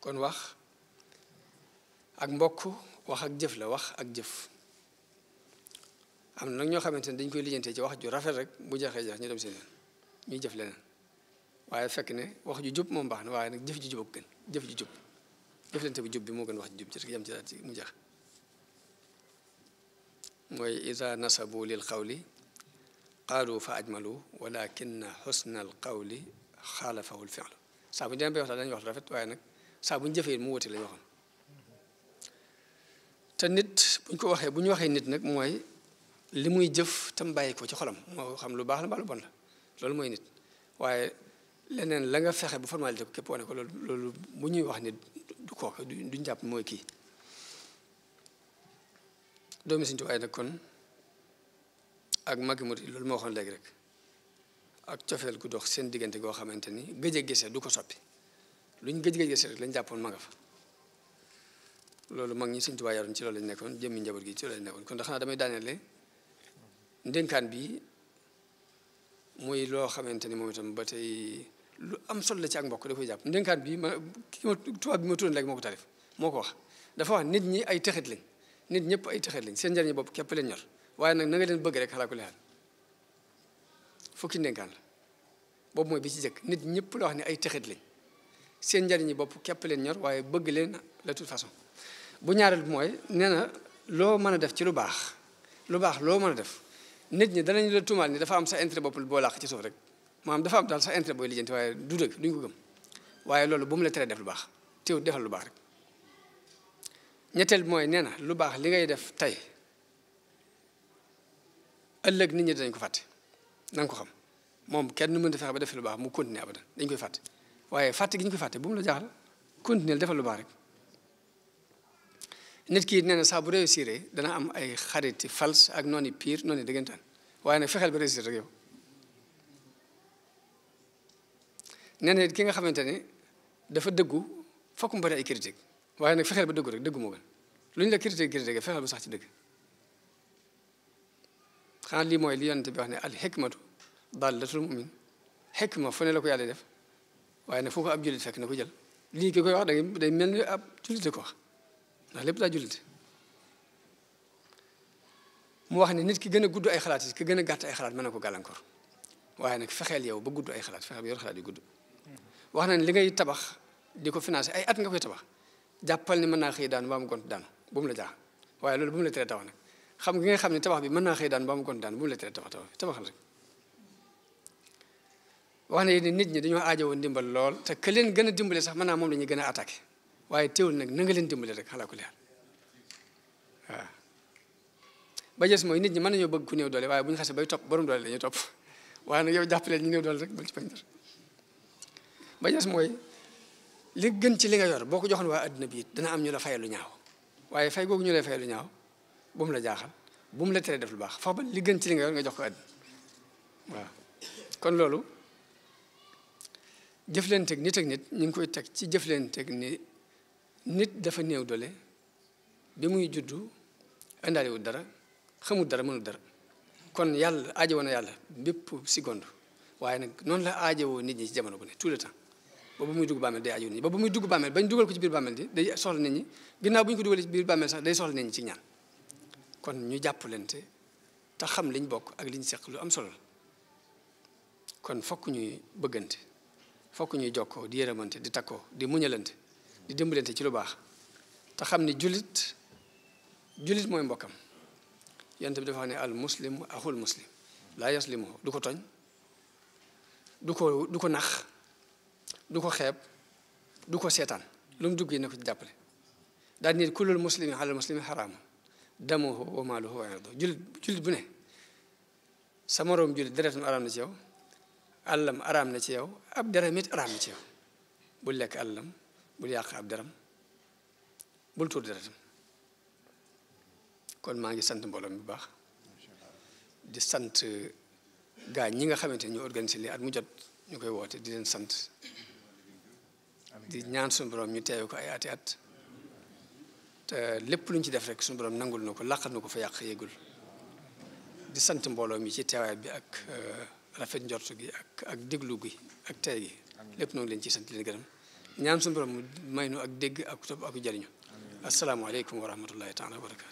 kon wax ak mbokk wax ak jëf la wax ak jëf am na ñoo xamante ne dañ koy lijjantee ci wax ju rafet rek bu jaxee jax ñu dem seen ñuy jëf leneen waaye fekk ne wax ju jub moom mbax na waaye nag jëf ju jub ak gën jëf ju jub jëflante bu jub bi moo gën wax ju jub ci rek yam ci daal mu jax mooy ida nasabu lil qawli qaalu fa ajmalu walakinna xusna al qawli xaalafahu al fi'lu saa bu ñu demee bay wax daal dañuy wax rafet waaye nag saa bu ñu jëfee mu wuti lañ waxoon te nit bu ko waxee bu ñu waxee nit nag mooy li muy jëf tam bàyyi ko ci xolam moo xam lu baax la mbaa lu bon la loolu mooy nit waaye leneen la nga fexe bu formalité ko képp wane ko loolu mu ñuy wax nit du kooku duñ jàpp mooy kii doomi Sëñ Tuubaa nag kon ak magi murid loolu moo waxoon léegi rek ak cofeel gu dox seen diggante goo xamante ni gëj a gisee du ko soppi luñ gëj gëj gëj rek lañ jàppoon ma nga fa loolu mag ñi Sëñ Tuubaa yaroon ci loolu lañ nekkoon jëmmi njaboot gi ci loolu lañ nekkoon kon da xanaa damay bi muy loo xamante ni moom itam ba tey lu am solo la mbokk dafay jàpp ndénkaan bi ma ki ma tubaab bi ma turoon moo ko wax dafa wax nit ñi ay texet lañ nit ñëpp ay texet lañ seen njariñu bopp képp leen ñor waaye nag nanga nga leen bëgg rek xalaa ku leexal fukki ndénkaan la boobu mooy bi ci jëkk nit ñëpp la wax ne ay texet lañ seen njariñi bopp képp leen ñor waaye bëgg leen de toute façon bu ñaareel bi mooy nee na loo mën a def ci lu baax lu baax loo mën a def nit ñi danañ la tuumaal ni dafa am sa intérêt bopp boo làq ci suuf rek maanaam dafa am daal sa intérêt booy lijjanti waaye du dëgg duñ ko gëm waaye loolu bu la teree def lu baax teewul defal lu baax mooy nee na lu baax li ngay def tey ëllëg nit ñi dinañ ko fàtte na ko xam moom kenn nu mën a fexe ba def lu baax mu continuer abadan dañ koy fàtte waaye fàtte gi ñu ko fàtte bu mu la jaaxal continuer defal lu baax rek nit ki nee na saa bu réussir dana am ay xariti fals ak noonu pire noonu dëggantaan waaye nag fexeel ba réussir rek yow ki nga xamante ne dafa dëggu fokk mu ay critique waaye nag fexeel ba dëggu rek dëggu moo gën lu ñu la critique critique fexeel ba sax ci dëgg xanaa lii mooy li yonent bi wax ne al hikmatu dallatul mu'min hikma fu ne la ko yàlla def waaye nag foo ko ab jullit fekk na ko jël lii ki koy wax da day mel ni ab jullit ko wax ndax lépp daa jullit mu wax ne nit ki gën a gudd ay xalaat yi ki gën a gàtt ay xalaat mën na ko gàllankoor waaye nag fexeel yow ba gudd ay xalaat fexeel yor xalaat yu gudd wax na ne li ngay tabax di ko financé ay at nga koy tabax jàppal ni mën naa xëy daan ba gont daan bu mu la jaax waaye loolu bu mu la tere tabax nag xam nga xam ne tabax bi mën naa xëy daan ba mu daan bu mu la tere wax ne nit ñi dañoo woon dimbal lool te que leen gën a dimbale sax maanaam moom la ñuy gën a attaqué waaye teewul nag na nga leen dimbale rek xalaa ku leer waaw mooy nit ñi mën nañoo bëgg ku néew doole waaye bu ñu xasee bay topp borom doole la ñuy topp waaye nag yow jàppale ñu néew doole rek bul ba jës mooy li gën ci li nga yor boo ko joxoon waa àddina bi it dana am ñu la fay lu ñaaw waaye fay googu ñu lay fay lu ñaaw bu mu la jaaxal bu mu la teree def lu baax fa ba gën ci li nga yor nga jox ko adduna loolu jëflante nit ak nit ñu ngi koy teg ci jëflante ni nit dafa néew doole bi muy juddu indaale wu dara xamul dara mënul dara kon yàlla ajoo na yàlla bépp seconde waaye nag noonu la aajowoo nit ñi ci jamono bu ne tout le temps ba ba muy dugg bàmmeel day aajowoo nit ñi ba bu muy dugg bàmmeel bañ dugal ko ci biir bàmmeel di day soxla nit ñi ginnaaw bu ñu ko dugalee ci biir bàmmeel sax day soxla nit ñi ci ñaan kon ñu jàppalante te xam liñ bokk ak liñ seq lu am solo kon fokk ñuy bëggante. fokk ñuy jokkoo di yërëmante di takkoo di muñalante di dimbalante ci lu baax te xam ni jullit jullit mooy mbokkam yonent bi dafa xam ne al muslim axul muslim laa yaslimuhu du ko toñ du ko ko nax du ko xeeb du ko seetaan lu mu dugg yi ne ko ci jàppale daal nit kullul muslimi alal muslimi xaraama damuhu wa maaluhu wa irduhu jullit jullit bu ne sa moroom jullit deretam araam na ci yow àllam araam na ci yow ab deram it araam na ci yow bul lekk àllam bul yàq ab deram bul tuur deretam kon maa ngi sant mbooloom bu baax di sant gaa ñi nga xamante ni ñu organisé lii at mu jot ñu koy wootee di leen sant di ñaan suñu borom ñu teew ko ay ati at te lépp lu ñu ci def rek suñu borom nangul na ko làqal na ko fa yàq yéegul di sant mbooloo mi ci teewaay bi ak euh, rafet njort gi ak ak déglu gi ak tey gi lépp noonu leen ci sant leen gërëm ñaan suñu borom may nu ak dégg ak topp ak jariñu asalaamaaleykum wa rahmatullahi taala ma dégg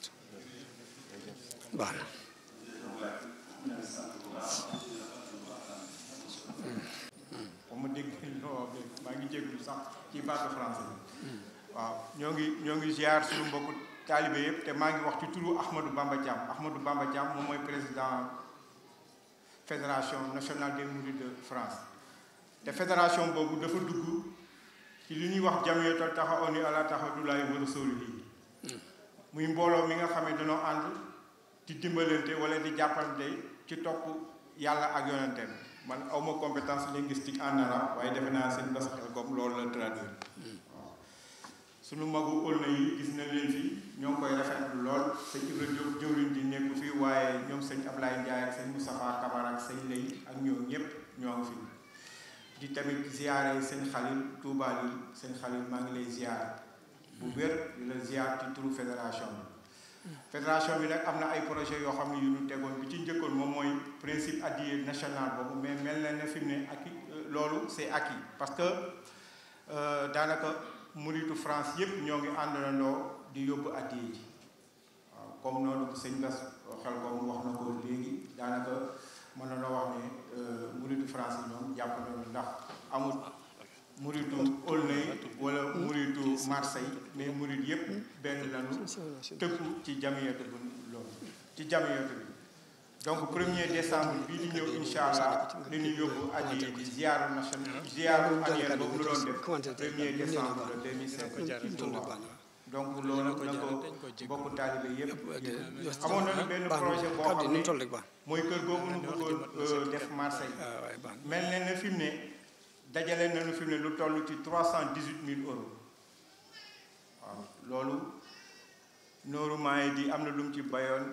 maa ngi jéglu sax ci baatu français hmm. waaw ñoo ngi ñoo ngi ziar suñu mbokku taalibe yëpp te maa ngi wax ci turu Ahmadou Bamba Thiam Ahmadou Bamba Thiam moom mooy président fédération nationale des mourides de France te fédération boobu dafa dugg ci li ñuy wax jamiyatu taxawuni ala taxawdullaahi wa rasuulihi muy mbooloo mi nga xam ne dañoo ànd di dimbalante wala di jàppante ci topp yàlla ak yonenteem man awma compétence linguistique en arabe waaye defe naa seen bas xel comme loolu la traduire suñu magu ëllëg yi gis na leen ñoo ngi koy rafetlu lool sëñ Ibra Diop jëwriñ di nekku fii waaye ñoom sëñ Ablaye Ndiaye ak sëñ Moustapha Kabara ak sëñ Lay ak ñoom ñëpp ñoo fi di tamit ziare sëñ Xalil Touba yi sëñ Xalil maa ngi lay ziar bu wér di la ziar ci turu fédération bi fédération bi nag am na ay projet yoo xam ne ñu tegoon bi ci njëkkoon moom mooy principe addiya national boobu mais mel na ne fi mu ne ak euh, loolu c'est acquis parce que euh, daanaka muritu France yépp ñoo ngi àndandoo di yóbbu addiya ji waaw comme noonu sëñ Bass xel koom wax na ko léegi daanaka mën na la wax ne euh, muritu France ñoom jàpp nañu ndax amul muritu Aulnay wala muritu Marseille mais murit yépp benn lañu tëkku ci jamiyatu bu loolu ci jamiyatu bi donc premier décembre bii di ñëw incha allah li ñu yóbbu aji di ziaru national ziaru annuel boobu la doon def premier décembre 2005 donc loolu na ko bokk taalibe yëpp amoon nañu benn projet boo xam ne mooy kër googu ñu bëggoon euh, def Marseille mel ne na fi mu ne dajale nañu fi mu ne lu toll ci trois cent dix-huit mille euros waaw loolu nooru maa di am na lu mu ci bayoon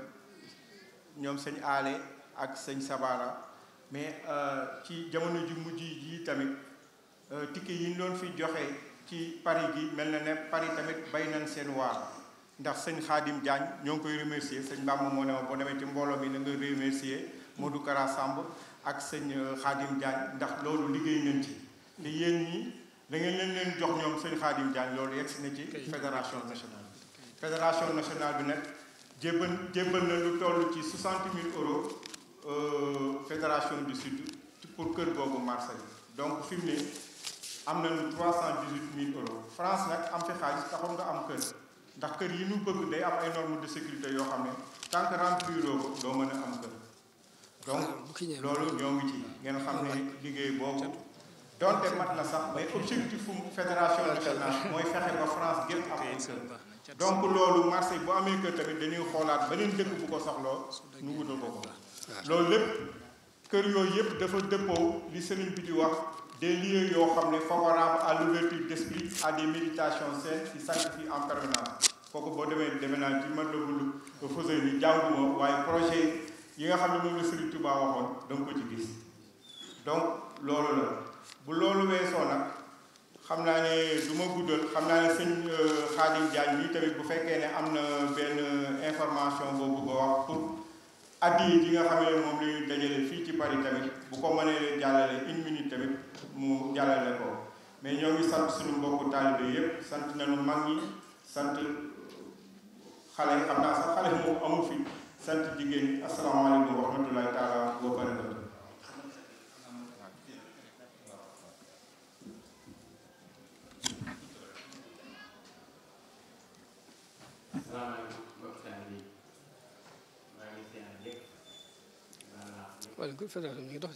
ñoom sëñ aale ak sëñ sabara mais euh, ci jamono ji mujj yi tamit euh, tikki yi ñu fi joxe ci Paris gi mel na ne Paris tamit bay nañ seen waar ndax sëñ Khadim Diagne ñoo ngi koy remercier sëñ Bamba moo ne ma boo demee ci mbooloo mi na nga moo du Kara Samb ak sëñ euh, Khadim Diagne ndax loolu liggéey nañ ci te yéen ñi da ngeen leen leen jox ñoom sëñ Khadim Diagne loolu yegg si na ci fédération nationale fédération nationale bi nag jébbal jébbal na lu toll ci 60 000 euros euh, fédération du sud pour kër googu Marseille donc fi mu ne am nañu 318 000 euros France nag am fi xaalis taxoon nga am kër ndax kër yi ñu bëgg day am ay de sécurité yoo xam ne tant que rempliroo ko doo mën a am kër donc ah, loolu ñoo ngi ci ngeen xam ne liggéey boobu donte mat na sax mais objectif fédération nationale mooy fexe ba France gépp am kër donc loolu marché bu amee kër tamit dañuy xoolaat beneen dëkk bu ko soxloo ñu wutal ko ko loolu lépp kër yooyu yëpp dafa dëppoo li di wax des lieux yoo xam ne favorable à l'ouverture d'esprit à des méditations saines qui sanctifient en permanence kooku boo demee demee naa ci man la bul ba fausé ni yi nga xam ne moom la sëriñ Touba danga ko ci gis donc loolu la bu loolu weesoo nag xam naa ne du ma guddal xam naa ne sëñ euh, Khadim Diagne nii tamit bu fekkee ne am na benn information boobu ko wax pour addi yi nga xam ne moom la ñuy fii ci Paris tamit bu ko mënee jàllale une minute tamit mu jàllale ko mais ñoo ngi sant suñu mbokku taalibe yëpp sant nañu mag ñi sant xale xam naa sax xale moom amu fi sant jigéen asalaamaaleykum wa rahmatulahi taala wa barakatu wala kuréel fédération bi mi ngi dox